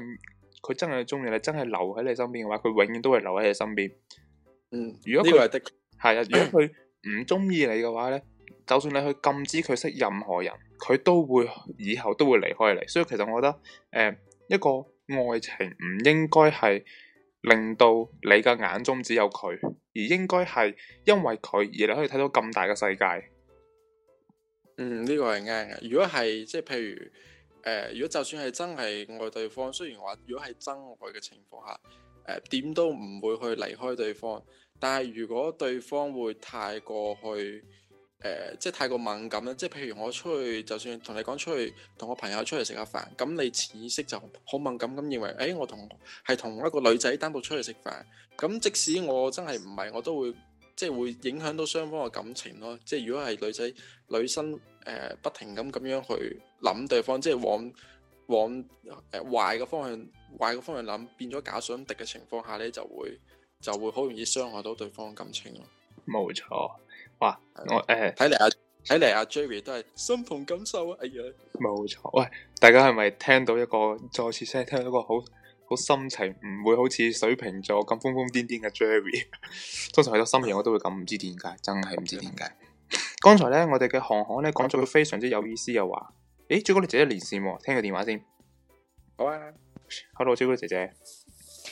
Speaker 1: 佢真係中意你，真係留喺你身邊嘅話，佢永遠都會留喺你身邊。嗯，如，如果佢係的，係啊，如果佢唔中意你嘅話咧，就算你去禁止佢識任何人，佢都會以後都會離開你。所以其實我覺得，誒、呃，一個愛情唔應該係。令到你嘅眼中只有佢，而應該係因為佢而你可以睇到咁大嘅世界。
Speaker 4: 嗯，呢個係啱嘅。如果係即係譬如，誒，如果就算係真係愛對方，雖然話如果係真愛嘅情況下，誒，點都唔會去離開對方。但係如果對方會太過去。誒、呃，即係太過敏感咧。即係譬如我出去，就算同你講出去，同我朋友出去食下飯，咁你潛意識就好敏感咁認為，誒、欸，我同係同一個女仔單獨出去食飯。咁即使我真係唔係，我都會即係會影響到雙方嘅感情咯。即係如果係女仔、女生誒、呃，不停咁咁樣去諗對方，即係往往誒壞嘅方向、壞嘅方向諗，變咗假想敵嘅情況下呢就會就會好容易傷害到對方嘅感
Speaker 1: 情咯。冇錯。哇，我誒，睇嚟阿，
Speaker 4: 睇嚟阿 Jerry 都係心同感受啊！
Speaker 1: 哎呀，冇錯。喂，大家係咪聽到一個再次聲，聽到一個好好心情，唔會好似水瓶座咁瘋瘋癲癲嘅 Jerry？通常喺度深夜我都會咁，唔知點解，真係唔知點解。剛、嗯、才咧，我哋嘅韓寒咧講咗句非常之有意思嘅，啊、話。誒，朱古力姐姐連線，啊，聽個電話先。好啊，hello，朱古力姐姐。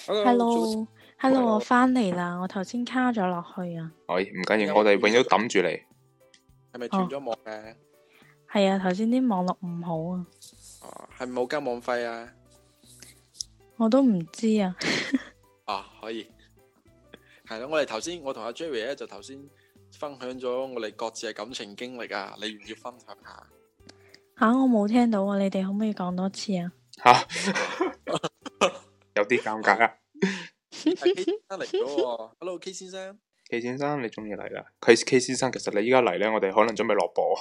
Speaker 1: Hello, Hello. 姐
Speaker 5: 姐。Hello，我翻嚟啦，我頭先卡咗落去啊。
Speaker 1: 可以，唔緊要，我哋永遠抌住你。
Speaker 4: 係咪斷咗網咧？
Speaker 5: 係啊，頭先啲網絡唔好啊。哦，
Speaker 4: 係冇交網費啊？
Speaker 5: 我都唔知啊。
Speaker 4: 哦，可以。係咯，我哋頭先，我同阿 Jerry 咧就頭先分享咗我哋各自嘅感情經歷啊。你要唔要分享下？
Speaker 5: 吓、啊，我冇聽到啊，你哋可唔可以講多次啊？吓、
Speaker 1: 啊， 有啲尷尬啊！
Speaker 4: K 先
Speaker 1: 生嚟咗、哦、Hello K 先生，K 先生你中意嚟啦？佢 K 先生其實你依家嚟咧，我哋可能準備落播。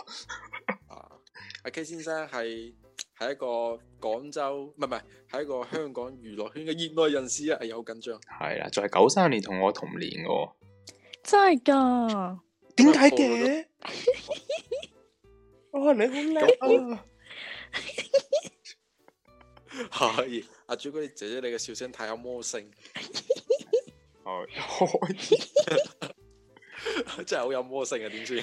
Speaker 4: 阿、 uh, K 先生係係一個廣州，唔係唔係係一個香港娛
Speaker 1: 樂圈嘅熱愛人士啊，有緊張。係啦，就係九三年同我同年噶、
Speaker 5: 哦，真係噶？點解嘅？哇、 哦，你好
Speaker 3: 叻啊！
Speaker 4: 可以。阿朱哥，姐姐你嘅笑聲太有魔性，真係好有魔性啊！點知？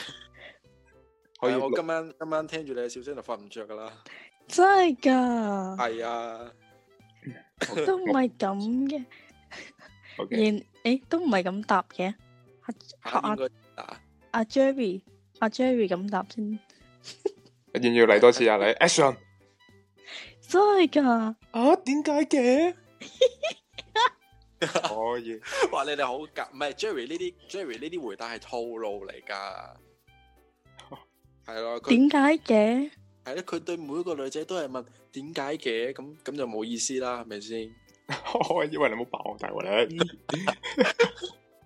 Speaker 4: 可以，我今晚今晚聽住你嘅笑聲就瞓唔着噶啦。
Speaker 5: 真係噶，
Speaker 4: 係啊，都唔係
Speaker 5: 咁嘅。然誒，都唔係咁答嘅。阿阿阿 Jerry，阿 Jerry 咁答先。
Speaker 1: 然要嚟多次啊，你！Action 真係噶，啊點解嘅？可以，話你哋好夾，唔係 Jerry 呢啲 Jerry
Speaker 4: 呢啲回答係套路嚟噶，係咯。點解嘅？係咧，佢對每一個女仔都係問點解嘅，咁咁就冇意思啦，係咪先？我以為你冇爆我大鑊咧，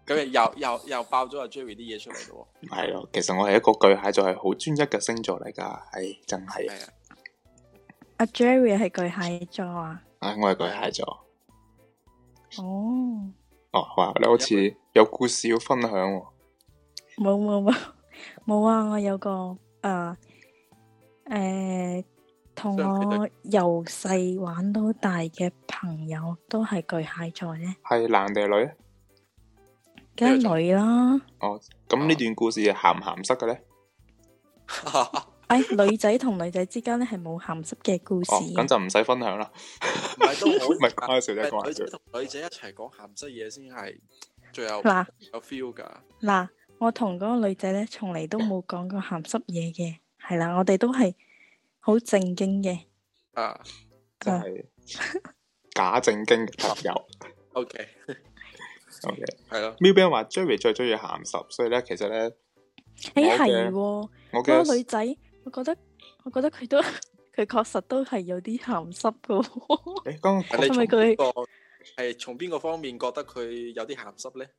Speaker 4: 咁又又又爆咗阿 Jerry 啲嘢出嚟咯。
Speaker 1: 係咯，其實我係一個巨蟹座，就係好專一嘅星座嚟噶，唉真係啊。
Speaker 5: 阿 Jerry 係巨蟹座啊！
Speaker 1: 唉、啊，我係巨蟹座。
Speaker 5: Oh. 哦。
Speaker 1: 哦，好啊，你好似有故事要分享、哦。
Speaker 5: 冇冇冇冇啊！我有個誒誒，同、啊啊、我由細玩到大嘅朋友都係巨蟹座咧。
Speaker 1: 係男定係女？
Speaker 5: 梗係女啦。
Speaker 1: 哦，咁呢段故事係鹹唔鹹濕嘅咧？
Speaker 5: 哎、女仔同女仔之間咧係冇鹹濕嘅故事、啊。哦，咁
Speaker 1: 就唔使分享啦。唔係都唔係講女仔講
Speaker 4: 女仔，女仔一齊講鹹濕嘢先係最有嗱有 feel 噶。
Speaker 5: 嗱，我同嗰個女仔咧，從嚟都冇講過鹹濕嘢嘅，係啦，我哋都係好正經嘅。啊，真係、
Speaker 1: 啊、假正經嘅朋友。O K，O K，係咯。Miu Ben 話 Jerry 最中意鹹濕，所以咧，其實咧，誒係，我嗰個女
Speaker 5: 仔。我覺得我覺得佢都佢確實都係有啲咸濕噶。你剛係咪佢
Speaker 4: 係從邊個方面覺得佢有啲鹹濕咧？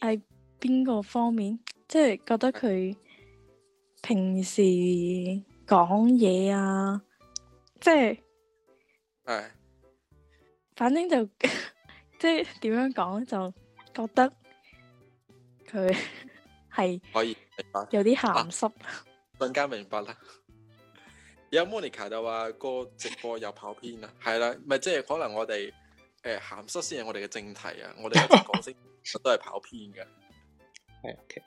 Speaker 5: 係邊個方面？即係覺得佢平時講嘢啊，即係係，反正就即係點樣講就覺得佢。係是可以明白，有啲咸濕，
Speaker 4: 瞬間明白啦。有 Monica 就話：，個直播又跑偏啦。係啦， 咪即係可能我哋誒咸濕先係我哋嘅正題啊。我哋講聲都係跑偏嘅。係 OK，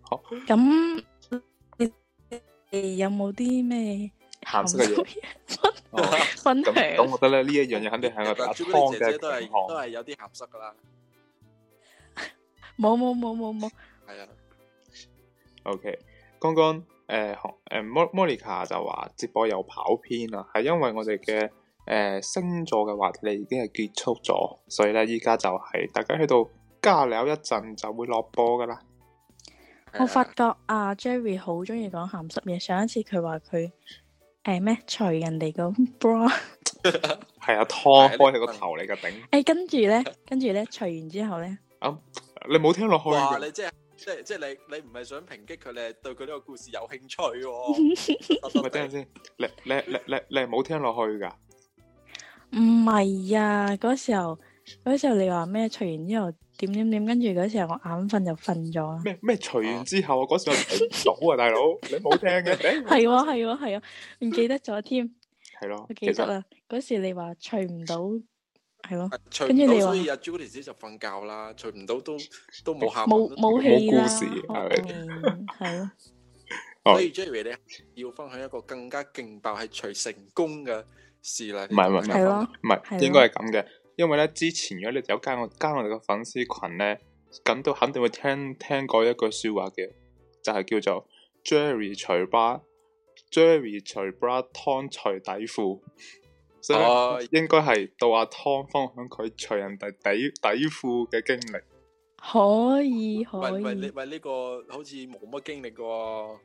Speaker 5: 好。咁、嗯、你,你有冇啲咩
Speaker 1: 咸濕嘅嘢？
Speaker 5: 咁咁，我
Speaker 1: 覺得咧呢一樣嘢肯定係我哋阿姐嘅，都係都
Speaker 4: 係有啲咸濕噶啦。
Speaker 5: 冇冇冇冇
Speaker 4: 冇，係啊。
Speaker 1: O、okay. K，剛剛、呃、誒誒 Mo Monica 就話直播又跑偏啦，係因為我哋嘅誒星座嘅話你已經係結束咗，所以咧依家就係、是、大家喺度加料一陣就會落波噶啦。Uh, 我發
Speaker 5: 覺阿、啊、Jerry 好中意講鹹濕嘢，上一次佢話佢誒咩除人哋個 bra，
Speaker 1: 係 啊，拖開佢個頭你噶頂。
Speaker 4: 誒 、
Speaker 5: 哎，跟住咧，跟住咧，除完之後咧、
Speaker 1: 啊，你冇聽落去嘅。
Speaker 4: 即係即係你你唔係想抨擊佢，你係對佢呢個故事有
Speaker 1: 興趣，哦。咪 聽下先，你你你你你係冇聽落去噶？
Speaker 5: 唔係啊，嗰時候嗰時候你話咩？除完之後點點點，跟住嗰時候我眼瞓就瞓咗。
Speaker 1: 咩咩除完之後啊？嗰時候唔好啊， 大佬，你冇聽嘅。係
Speaker 5: 係係啊，唔、啊啊啊、記得
Speaker 4: 咗添。
Speaker 1: 係咯、 啊，我記得啦。
Speaker 5: 嗰實時你話除唔到。係咯，跟住你話，
Speaker 4: 所以阿 Judy 就瞓覺啦，除唔到都都冇下冇冇故事，係咪？係
Speaker 1: 咯，所以 Jerry 你要分享一個更加勁爆係除成功嘅事例。唔係唔係，唔係應該係咁嘅，因為咧之前如果你有加我加我哋嘅粉絲群咧，咁都肯定會聽聽過一句説話嘅，就係叫做 Jerry 除 bra，Jerry 除 bra 湯除底褲。哦，應該係到阿湯分享佢除人哋底底褲嘅經歷，
Speaker 4: 可以可以。喂呢，喂呢個好似冇乜經歷喎，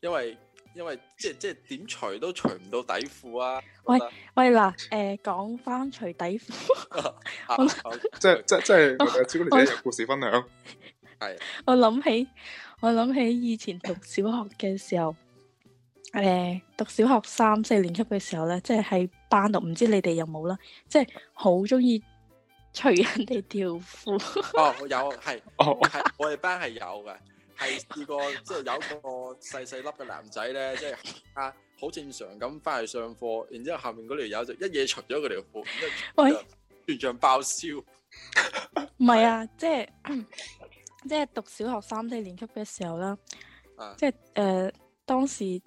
Speaker 4: 因為因為即係即係點除都除唔到底褲啊。喂
Speaker 5: 喂嗱，誒，講翻除底褲，
Speaker 1: 即係即係即係朱古力仔嘅故事分享。係
Speaker 5: ，oh, oh. 我諗起，我諗起以前讀小學嘅時候，誒 讀，讀小學三四年級嘅時候咧，即係喺。班到唔知你哋有冇啦，即係好中意除人哋條褲。
Speaker 4: 哦、oh,，有係、oh.，我係我哋班係有嘅，係、試過、個即係有個細細粒嘅男仔咧，即係啊好正常咁翻去上課，然之後後面嗰條友就一嘢除咗佢條褲，oh. 全場爆笑。
Speaker 5: 唔係啊，是即係即係讀小學三四年級嘅時候啦，uh. 即係誒、呃、當時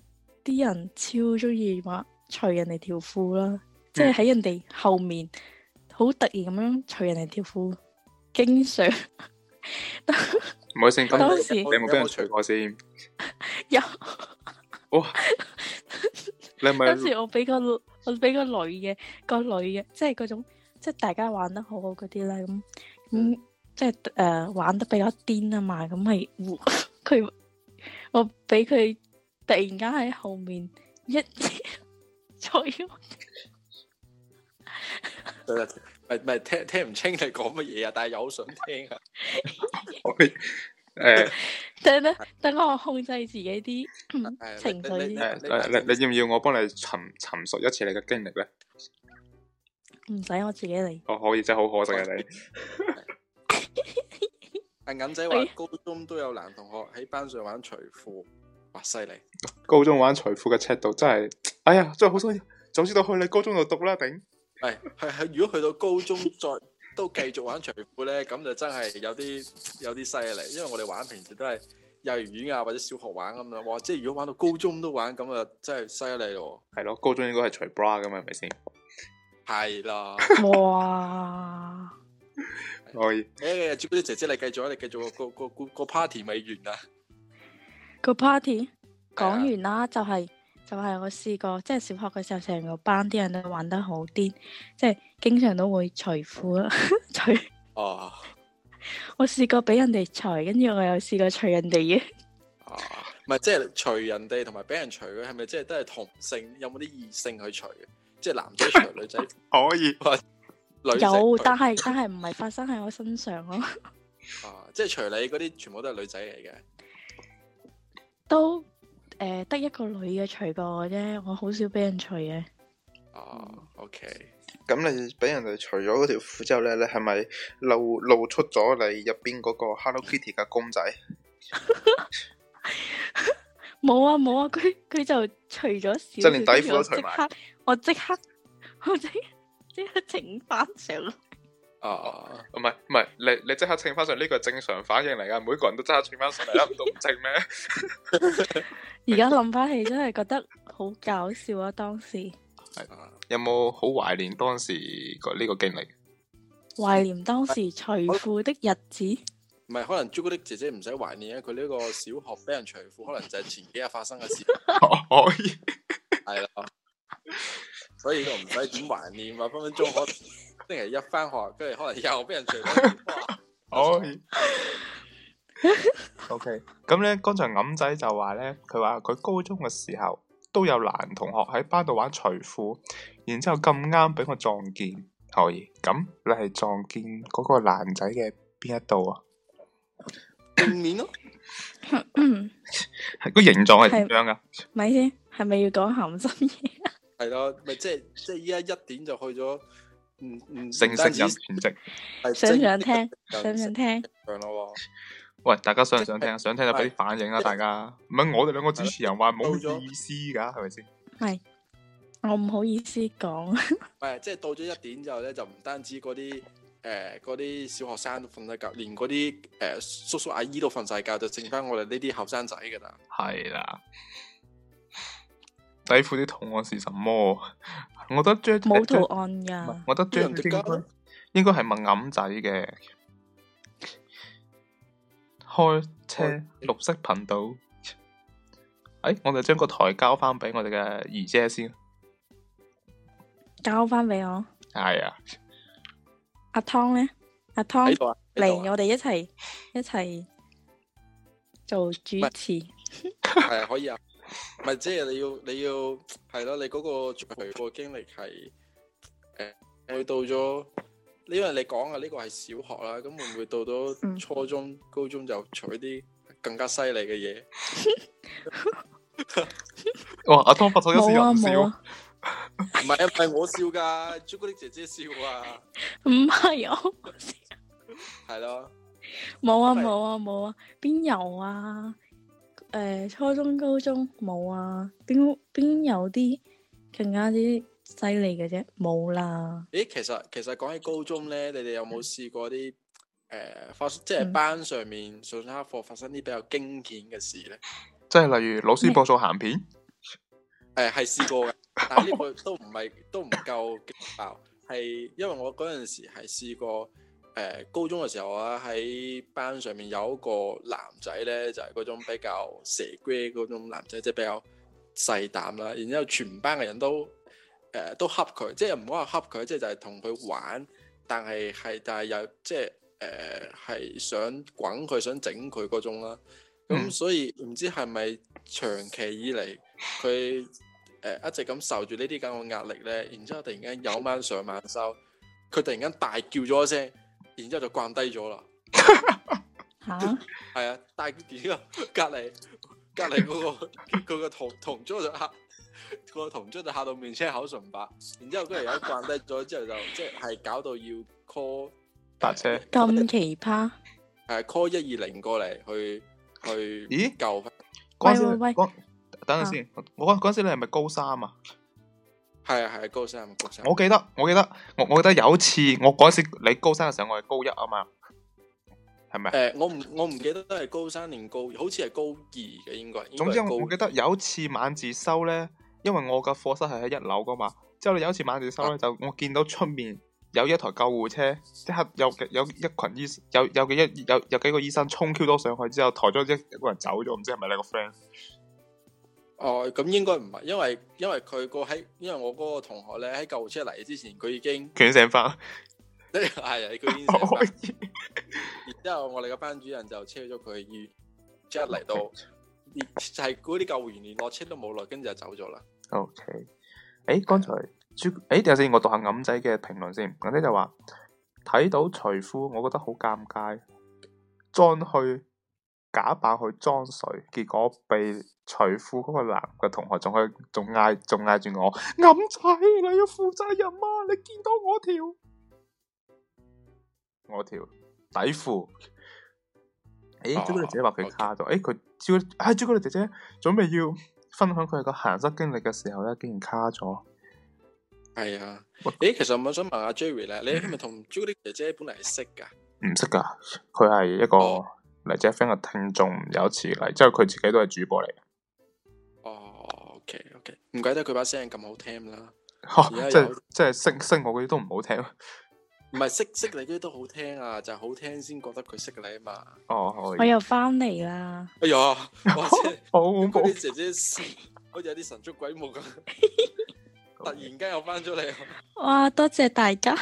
Speaker 5: 啲人超中意話。除人哋條褲啦，即係喺人哋後面好、嗯、突然咁樣除人哋條褲，經常。唔
Speaker 1: 好意思，咁時你有冇俾我除過先？有、哦、 你咪？當時
Speaker 5: 我俾個我俾個女嘅個女嘅，即係嗰種即係大家玩得好好嗰啲啦。咁咁、嗯嗯、即係誒、呃、玩得比較癲啊嘛。咁係佢我俾佢突然間喺後面一。我
Speaker 4: 要， 唔係唔係聽，聽唔清你講乜嘢啊？但係又好想聽
Speaker 1: 啊！誒 ，
Speaker 5: 等、哎、等吧 等我控制自己啲情緒先。
Speaker 1: 你要唔要我幫你尋，尋述一次你嘅經歷咧？
Speaker 4: 唔使，我自己嚟。
Speaker 1: 哦，oh，可以，真係好可惜啊！你
Speaker 4: 阿銀 仔話，高中都有男同學喺班上玩除
Speaker 1: 褲。哇！犀利，啊，高中玩財富嘅尺度真係，哎呀，真係好想，早知道去你高中度讀啦，頂，
Speaker 4: 係係係，如果去到高中再都繼續玩財富咧，咁 就真係有啲有啲犀利，因為我哋玩平時都係幼兒園啊或者小學玩咁樣，哇！即係如果玩到高中都玩，咁啊真係犀利咯，
Speaker 1: 係咯，高中應該係除 bra 噶嘛，係咪先？
Speaker 4: 係啦的，
Speaker 5: 哇！
Speaker 4: 的可以，誒、欸，啲姐姐你繼續，你繼續，續，個個個個 party 未完啊！
Speaker 5: 個 party 講完啦，啊就係，就係就係我試過，即係小學嘅時候，成個班啲人都玩得好癲，即係經常都會除褲啊除。哦
Speaker 4: ，
Speaker 5: 我試過俾人哋除，跟住我又試過除人哋嘅。哦，
Speaker 4: 唔係即係除人哋同埋俾人除嘅，係咪即係都係同性？有冇啲異性去除嘅？即係男仔除女仔 可以。有，但
Speaker 5: 係但係唔係發生喺我身上咯。
Speaker 4: 啊，即係除你嗰啲全部都係女仔嚟嘅。
Speaker 5: 都誒，得、呃、一個女嘅除過我啫，我好少俾人除嘅。哦、
Speaker 1: oh,，OK，咁、嗯、你俾人哋除咗嗰條褲之後咧，你係咪露露出咗你入邊嗰個 Hello Kitty 嘅公仔？
Speaker 5: 冇啊冇啊，佢佢、啊、就除咗少少，即連底褲都除埋？我即刻，我即刻，我即即刻整翻上。
Speaker 1: 啊，唔係唔係，你你即刻稱翻上，呢、呢個正常反應嚟噶，每個人都即刻稱翻上嚟，啦， 唔到稱咩？
Speaker 5: 而家諗翻起真係覺得好搞笑啊！當時
Speaker 1: 係有冇好懷念當時呢個經歷？
Speaker 5: 懷念當時除褲的日子，
Speaker 1: 唔係 可
Speaker 4: 能朱古力姐姐唔使懷念啊！佢呢個小學俾人除褲，可能就係前幾日發生嘅事。可以係咯，所以都唔使點懷念啊！分 分鐘可能。 星期一翻學，跟住可
Speaker 1: 能又俾人除褲。可以，OK。咁咧，剛才揞仔就話咧，佢話佢高中嘅時候都有男同學喺班度玩除褲，然之後咁啱俾我撞見。可以，咁你係撞見嗰個男仔嘅邊一度啊？
Speaker 3: 正面咯，嗯，
Speaker 1: 係個形狀係點樣噶？
Speaker 5: 咪先，係咪要講鹹濕嘢？
Speaker 4: 係咯，咪即係即係依家一點就去咗。嗯嗯，正式入
Speaker 1: 全職，想唔想
Speaker 5: 聽？想唔想聽？
Speaker 1: 想咯喎！喂，大家想唔想聽？想聽就俾啲反應啊！大家，唔係我哋兩個主持人話冇意思噶，係咪先？
Speaker 4: 係，
Speaker 1: 我唔好意思講。係，即
Speaker 4: 係到咗一點之後咧，就唔單止嗰啲誒嗰啲小學生都瞓咗覺，連嗰啲誒叔叔阿姨都瞓晒覺，就剩翻我哋呢啲後生仔噶啦。
Speaker 1: 係啦。底褲啲圖案是什麼？我覺得冇圖
Speaker 5: 案
Speaker 3: 噶，我覺得啲
Speaker 1: 應該係問銀仔嘅。開車綠色頻道。哎，我哋將個台交翻俾我哋嘅二姐先。
Speaker 5: 交翻俾我。係啊。阿湯咧？阿湯嚟，我哋一齊一齊做主持。
Speaker 4: 係啊，可以啊。咪即係你要你要係咯，你嗰個佢個經歷係誒，佢、呃、到咗，因為你講啊，呢、呢個係小學啦，咁會唔會到咗初中、嗯、高中就取啲更加犀利嘅嘢？
Speaker 1: 哇！阿 Tom 發錯一次，我唔唔
Speaker 4: 係啊，唔係我笑噶， 朱古力姐姐笑啊，
Speaker 3: 唔係我
Speaker 4: 笑，係咯
Speaker 5: 了，冇啊，冇啊，冇啊，邊有啊？是誒、呃，初中、高中冇啊，邊邊有啲更加之犀利嘅啫，冇啦。
Speaker 4: 咦，其實其實講起高中咧，你哋有冇試過啲誒、嗯呃、發，即係班上面上下課發生啲比較驚險嘅事咧？
Speaker 1: 即係例如老師播咗鹹片，嗯、
Speaker 4: 誒係試過嘅，但係呢個都唔係都唔夠勁爆，係因為我嗰陣時係試過。誒高中嘅時候啊，喺班上面有一個男仔咧，就係、是、嗰種比較蛇龜嗰種男仔，即、就、係、是、比較細膽啦。然之後全班嘅人都誒、呃、都恰佢，即係唔好話恰佢，即係就係同佢玩，但係係但係又即係誒係想滾佢、想整佢嗰種啦。咁、嗯、所以唔知係咪長期以嚟佢誒一直咁受住呢啲咁嘅壓力咧？然之後突然間有晚上晚修，佢突然間大叫咗一聲。然之後就慣低咗啦，吓？係啊，大幾點啊？隔離隔離嗰個佢個同同桌就嚇，個同桌就嚇到面青口唇白。然，後然，後然後之後跟住一慣低咗之後就即係、就是、搞到要 call
Speaker 5: 白車，咁 奇葩
Speaker 4: 係 call 一二零過嚟去去救咦救
Speaker 1: 翻？時喂喂，喂等陣先，啊、我嗰陣時你係咪高三啊？係啊係啊，高三高三。我記得我記得我我記得有一次，我嗰時你高三嘅時候，我係高一啊嘛，係咪？誒，我唔我唔記得都係高三定高二，好似係高二嘅應該。總之我我記得有一次晚自修呢，因為我嘅課室係喺一樓噶嘛，之後你有一次晚自修呢，就我見到出面有一台救護車，即刻有有一群醫有有幾一有有幾個醫生衝 Q 咗上去之後，抬咗一一個人走咗，唔知係咪你個 friend？
Speaker 4: 哦，咁應該唔係，因為因為佢個喺，因為我嗰個同學咧喺救護車嚟之前，佢已經攰醒翻，係係佢已經，然之後我哋個班主任就車咗佢嘅衣，一嚟到，Okay. 就係嗰啲救護員連落車都冇落，跟住就走咗啦。
Speaker 1: OK，誒，剛才誒等下先，我讀下銀仔嘅評論先，銀仔就話睇到廚夫，我覺得好尷尬，裝去。假扮去裝水，結果被取褲嗰個男嘅同學仲去，仲嗌，仲嗌住我，暗仔，你要負責任啊！你見到我條，我條底褲。
Speaker 3: 誒，朱古力姐
Speaker 1: 姐話佢卡咗，誒，佢朱誒，朱古力姐姐準備要分享佢個行山經歷嘅時候咧，竟然卡咗。
Speaker 4: 係啊，誒，其實我想問下 Jerry 咧，你係咪同朱古力姐姐本嚟係識噶？
Speaker 1: 唔識噶，佢係一個。嚟隻 friend 嘅聽眾有一次嚟，即係佢自己都係主播嚟。
Speaker 4: 哦，OK，OK，唔怪得佢把聲咁好聽啦。即係
Speaker 1: 即係識識我嗰啲都唔好聽，唔
Speaker 4: 係識識你嗰啲都好聽啊！就係好聽先覺得佢識你啊嘛。
Speaker 5: 哦，我又翻嚟啦。哎呀，
Speaker 4: 好恐怖姐姐，好似有啲神出鬼冇咁，突然間又翻咗嚟。哇，
Speaker 5: 多謝大家。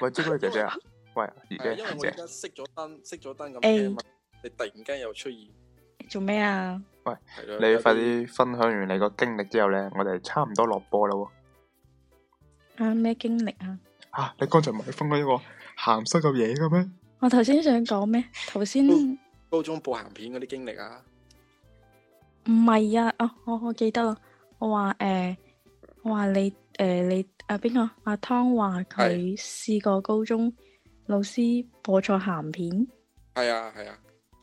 Speaker 1: 喂，朱古力姐姐啊，喂，而家，因為我而家
Speaker 4: 熄咗燈，熄咗燈咁。你突然間又出現
Speaker 5: 做咩啊？
Speaker 1: 喂，係咯，你快啲分享完你個經歷之後咧，我哋差唔多落波啦。
Speaker 5: 啊，咩經歷啊？
Speaker 1: 啊，你剛才唔係分享一個鹹濕嘅嘢嘅咩？
Speaker 5: 我頭先想講咩？頭先高、
Speaker 1: 高中播鹹片嗰啲經歷啊？
Speaker 5: 唔係啊，哦，我我記得啦。我話誒，我、呃、話你誒、呃，你誒邊個阿湯話佢試過高中老師播錯鹹片？
Speaker 4: 係啊，係啊。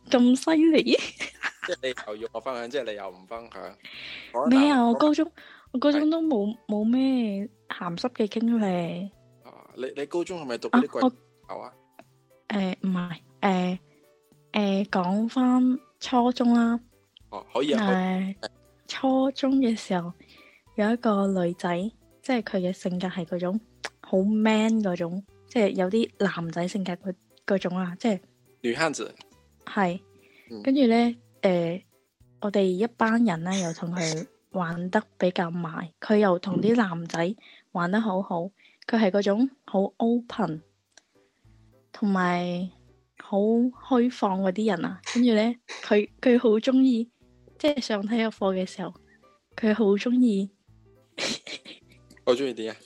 Speaker 5: 咁犀利！
Speaker 4: 即係你又要我分享，即係你又唔分享？咩啊？我高中，
Speaker 5: 我高中都冇冇咩鹹濕嘅經歷。哦，你
Speaker 4: 你高中係咪讀嗰啲鬼校啊？
Speaker 5: 誒，唔係，誒誒，講返初中啦。哦，
Speaker 4: 可以啊。誒，
Speaker 5: 初中嘅時候有一個女仔，即係佢嘅性格係嗰種好 man 嗰種，即係有啲男仔性格嗰嗰種啊，即係女漢子。係，跟住呢，誒、呃，我哋一班人呢，又同佢玩得比較埋，佢又同啲男仔玩得好好，佢係嗰種好 open，同埋好開放嗰啲人啊。跟住呢，佢佢好中意，即係、就是、上體育課嘅時候，佢好中意。
Speaker 4: 我中意點啊？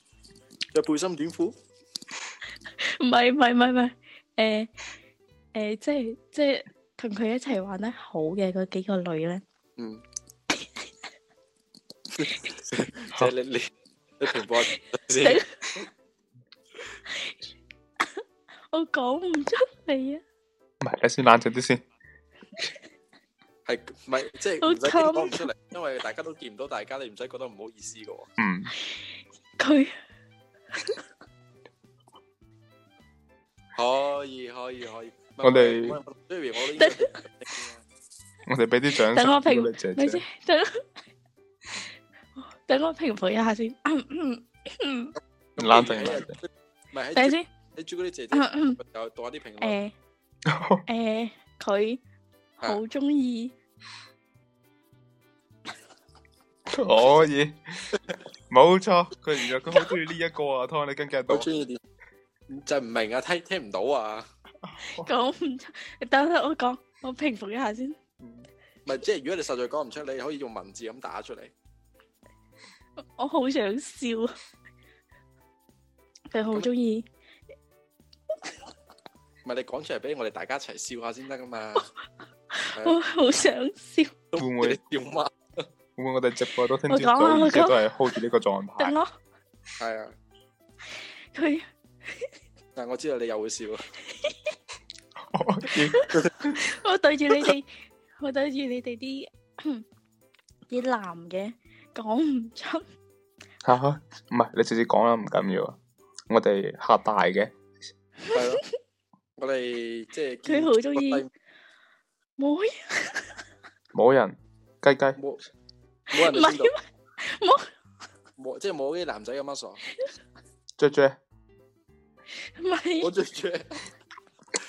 Speaker 4: 著背心短褲？
Speaker 5: 唔係唔係唔係，誒、呃。誒，即係即係同佢一齊玩得好嘅嗰幾個女咧，嗯，
Speaker 1: 即係你你你同波，
Speaker 5: 我講唔出嚟啊，
Speaker 1: 唔係，你先冷靜啲先，
Speaker 4: 係唔係？即係我講唔出嚟，因為大家都見唔到大家，你唔使覺得唔好意思噶。嗯，
Speaker 1: 佢
Speaker 4: 可以，可以，可以。我哋，
Speaker 1: 我哋俾啲掌聲。等我平，
Speaker 3: 等
Speaker 4: 先，
Speaker 5: 等我平復一下
Speaker 1: 先。冷靜，等
Speaker 4: 先。喺朱古力姐姐，又多啲評論。誒
Speaker 5: 誒，佢好中意。可
Speaker 1: 以，冇錯，佢如果佢好中意呢一個啊。湯，你跟唔跟到？好中意點？就唔明啊，聽聽唔到啊。
Speaker 5: 講唔出，等下我講，我平復一下先。
Speaker 4: 唔係，即係如果你實在講唔出，你可以用文字咁打出嚟。
Speaker 5: 我好想笑，佢好中意。
Speaker 4: 唔係你講出嚟俾我哋大家一齊笑下先得噶
Speaker 1: 嘛？我
Speaker 5: 好想笑。
Speaker 1: 會唔會笑乜？會唔會我哋直播都聽得到？而且都係 hold 住呢個狀態。頂咯。係啊。
Speaker 4: 佢。但係我知道你又會笑。
Speaker 5: 我對住你哋，我對住你哋啲啲男嘅
Speaker 4: 講唔出。
Speaker 1: 吓，唔係你直接講啦，唔緊要。我哋吓大嘅，
Speaker 4: 我哋即係佢好中意摸
Speaker 1: 摸人雞雞，摸
Speaker 4: 冇人知道摸，摸即係摸啲男仔咁乜手，
Speaker 1: 雀雀，
Speaker 4: 唔係我雀雀。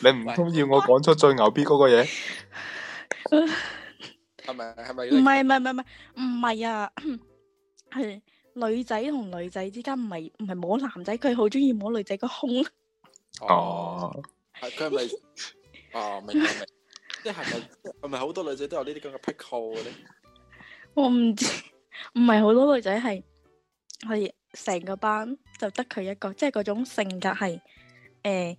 Speaker 1: 你唔通要我講出最牛逼嗰個嘢？
Speaker 5: 係咪？係咪？唔係唔係唔係唔係啊！係女仔同女仔之間唔係唔係摸男仔，佢好中意摸女仔個胸。哦，係係。哦，佢
Speaker 4: 係咪？哦，明明，明？即係咪？係咪好多女仔都有呢啲咁嘅癖好嘅咧？
Speaker 5: 我唔知，唔係好多女仔係，係成個班就得佢一個，即係嗰種性格係誒。呃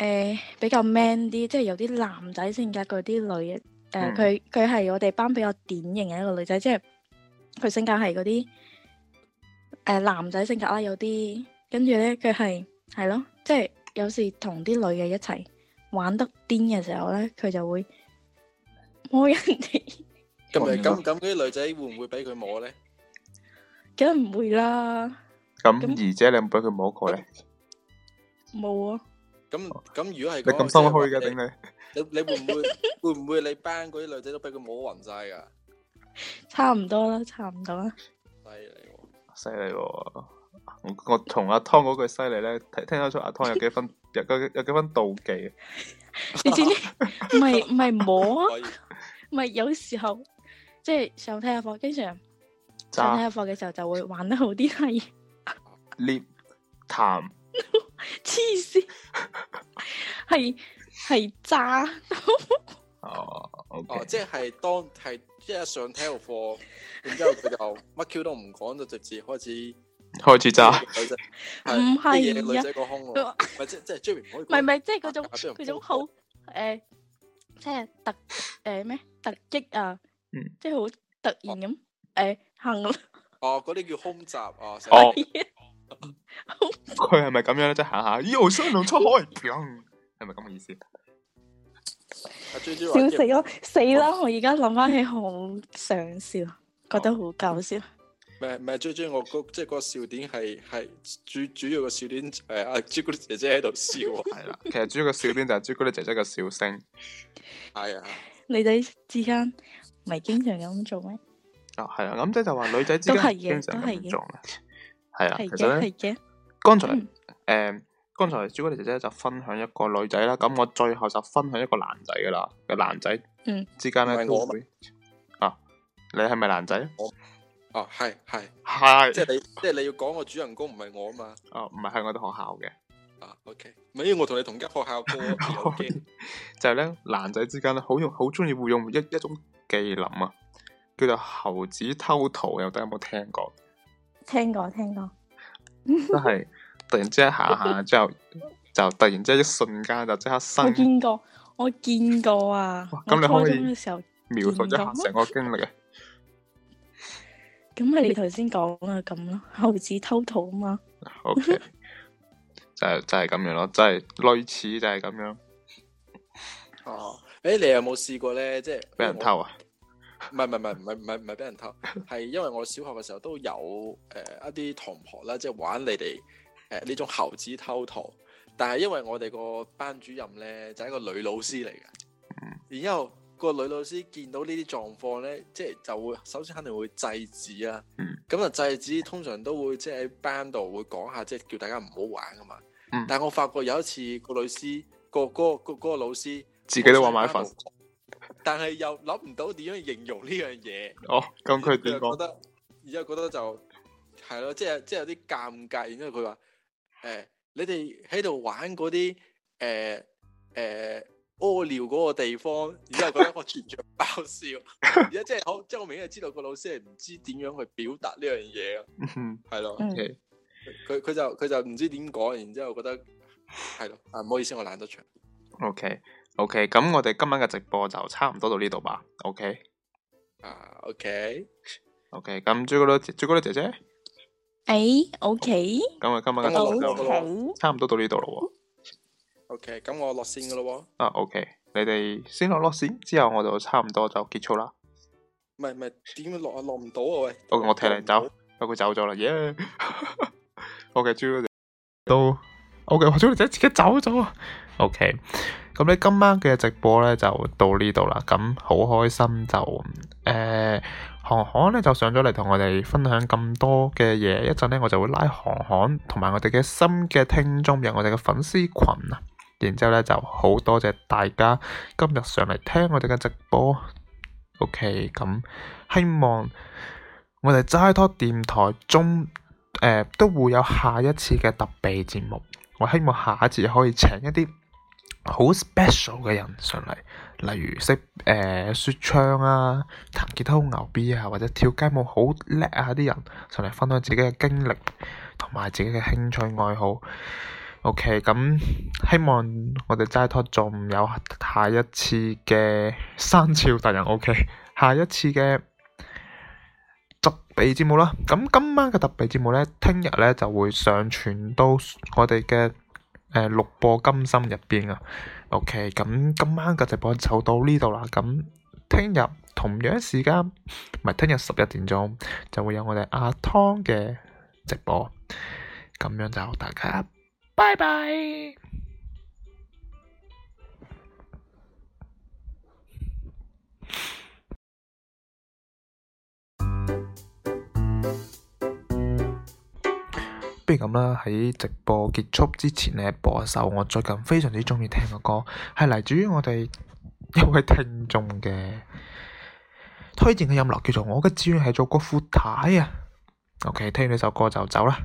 Speaker 5: 誒，比較 man 啲，即係有啲男仔性格嗰啲女嘅，但係佢佢係我哋班比較典型嘅一個女仔，即係佢性格係嗰啲誒男仔性格啦，有啲跟住咧，佢係係咯，即係有時同啲女嘅一齊玩得癲嘅時候咧，佢就會摸人哋。咁咪咁咁啲
Speaker 4: 女仔會唔會俾佢摸咧？
Speaker 5: 梗係唔會啦。
Speaker 1: 咁二姐你有冇俾佢摸過咧？
Speaker 5: 冇啊。
Speaker 4: 咁
Speaker 1: 咁如果係佢咁心虛嘅頂你，你你
Speaker 4: 會唔會會唔會你班嗰啲女仔都俾佢摸暈曬
Speaker 5: 噶？差唔多啦，差唔多啦。犀利
Speaker 1: 喎！犀利喎！我我同阿湯嗰句犀利咧，聽聽得出阿湯有幾分有個有幾分妒忌。
Speaker 5: 你知唔知？唔係唔係摸，唔係有時候即係上體育課，經常上體育課嘅時候就會玩得好啲係。
Speaker 1: 練談。黐
Speaker 5: 線，係係炸
Speaker 1: 哦，哦，即
Speaker 4: 係當係即係上體育課，然之後佢就乜 Q 都唔講，就直接開始開始炸唔
Speaker 5: 係你女仔個胸，
Speaker 4: 唔係即係即唔係唔係即
Speaker 5: 係嗰種嗰種好誒，即係特，誒咩特擊啊，即係好突然咁
Speaker 1: 誒行。
Speaker 4: 哦，嗰啲叫空襲哦。佢
Speaker 1: 係咪咁樣咧？即係吓，雙龍出海，係咪咁嘅意思？笑死咯，死啦！哦、我而家諗翻
Speaker 5: 起，好想笑，覺得好搞笑。咪咪最主要，我即係、嗰個笑點係係主主要嘅笑點係阿、
Speaker 4: 啊、朱古力姐姐喺度笑
Speaker 1: 係啦。 其實主要嘅笑點就係朱古力姐姐嘅笑聲。
Speaker 5: 係啊、哎呀，女仔之間唔係經常咁做咩？哦，係啊，咁
Speaker 1: 即係就話女仔之間都係嘅，經常咁樣做都係嘅。係啦，的其實咧，剛的才
Speaker 5: 誒，
Speaker 1: 剛、嗯欸、才朱古力姐姐就分享一個女仔啦，咁我最後就分享一個男仔噶啦，個男仔嗯之間咧，啊，是你係咪男仔？我哦，係係係，即係
Speaker 4: 你即係你要講個主人公唔係我啊嘛？
Speaker 1: 哦、啊，唔係喺我哋學校嘅啊，OK，咪係我同你同一學校嘅， 就係咧男仔之間咧好用好中意會用一一種技能啊，叫做猴子偷桃，有得有冇聽過？
Speaker 5: 聽過聽過，
Speaker 1: 真係 突然之間下下之後，就突然之間一瞬間就即刻生。我見
Speaker 5: 過，我見過啊！咁你開心嘅時候描述一下成個經歷啊！咁係、嗯 嗯、你頭先講啊，咁咯，猴子偷桃嘛？O K，
Speaker 1: 就係就係咁樣咯，就係、是就是、類似就係咁樣。
Speaker 4: 哦、啊，誒、欸，你有冇試過咧？即係俾人偷啊！嗯唔係唔係唔係唔係唔係俾人偷，係因為我小學嘅時候都有誒，一啲同學啦，即係玩你哋誒呢種猴子偷桃。但係因為我哋個班主任咧就係、一個女老師嚟嘅，然後個女老師見到呢啲狀況咧，即係就會首先肯定會制止啊。咁啊、嗯、制止通常都會即係喺班度會講下，即係叫大家唔
Speaker 1: 好玩噶嘛。嗯、
Speaker 4: 但我發覺有一次、嗰個女師嗰個嗰個嗰個老師個嗰個嗰個老師
Speaker 1: 自己都玩埋一份。
Speaker 4: 但係又諗唔到點樣形容呢樣嘢，哦，咁佢點講？然之後覺得就係咯，即係即係有啲尷尬，然之後佢話：誒、哎，你哋喺度玩嗰啲誒誒屙尿嗰個地方，然之後覺得我全場 爆笑，而家即係好，即係我明顯係知道個老師係唔知點樣去表達呢樣嘢啊，係咯，佢佢就佢就唔知點講，然之後覺得係咯，啊唔好意思，我懶得講
Speaker 1: ，OK。OK，咁我哋今晚嘅直播就差唔多到呢度吧。OK，啊 OK，OK，咁朱古力朱古力姐姐，
Speaker 4: 哎 OK，
Speaker 1: 咁啊今晚嘅直播，差唔多到呢度啦。
Speaker 4: OK，咁我落線噶啦。
Speaker 1: 啊 OK，你哋先落落線，之後我就差唔多就結束啦。
Speaker 4: 唔係唔係，點落啊？落唔
Speaker 1: 到啊？喂，我我踢你走，佢走咗啦。耶，OK 朱古力都 OK，朱古力姐自己走咗啊。OK。咁你今晚嘅直播咧就到呢度啦，咁好開心就，誒、呃，韓韓咧就上咗嚟同我哋分享咁多嘅嘢，一陣咧我就會拉韓韓同埋我哋嘅新嘅聽眾入我哋嘅粉絲群啊，然之後咧就好多謝大家今日上嚟聽我哋嘅直播，OK，咁希望我哋齋拖電台中，誒、呃、都會有下一次嘅特別節目，我希望下一次可以請一啲。好 special 嘅人上嚟，例如識誒說唱啊，彈吉他好牛逼啊，或者跳街舞好叻啊啲人上嚟分享自己嘅經歷同埋自己嘅興趣愛好。OK，咁希望我哋齋拖仲有下一次嘅生肖達人。OK，下一次嘅特別節目啦。咁今晚嘅特別節目咧，聽日咧就會上傳到我哋嘅。誒，錄播金心入邊啊，OK，咁今晚嘅直播就到呢度啦，咁聽日同樣時間，唔係聽日十一點鐘就會有我哋阿湯嘅直播，咁樣就好，大家
Speaker 3: 拜拜。
Speaker 1: 不如咁啦，喺直播結束之前咧，播一首我最近非常之中意聽嘅歌，係嚟自於我哋一位聽眾嘅推薦嘅音樂，叫做《我嘅志願係做個富太》啊。OK，聽完呢首歌就走啦。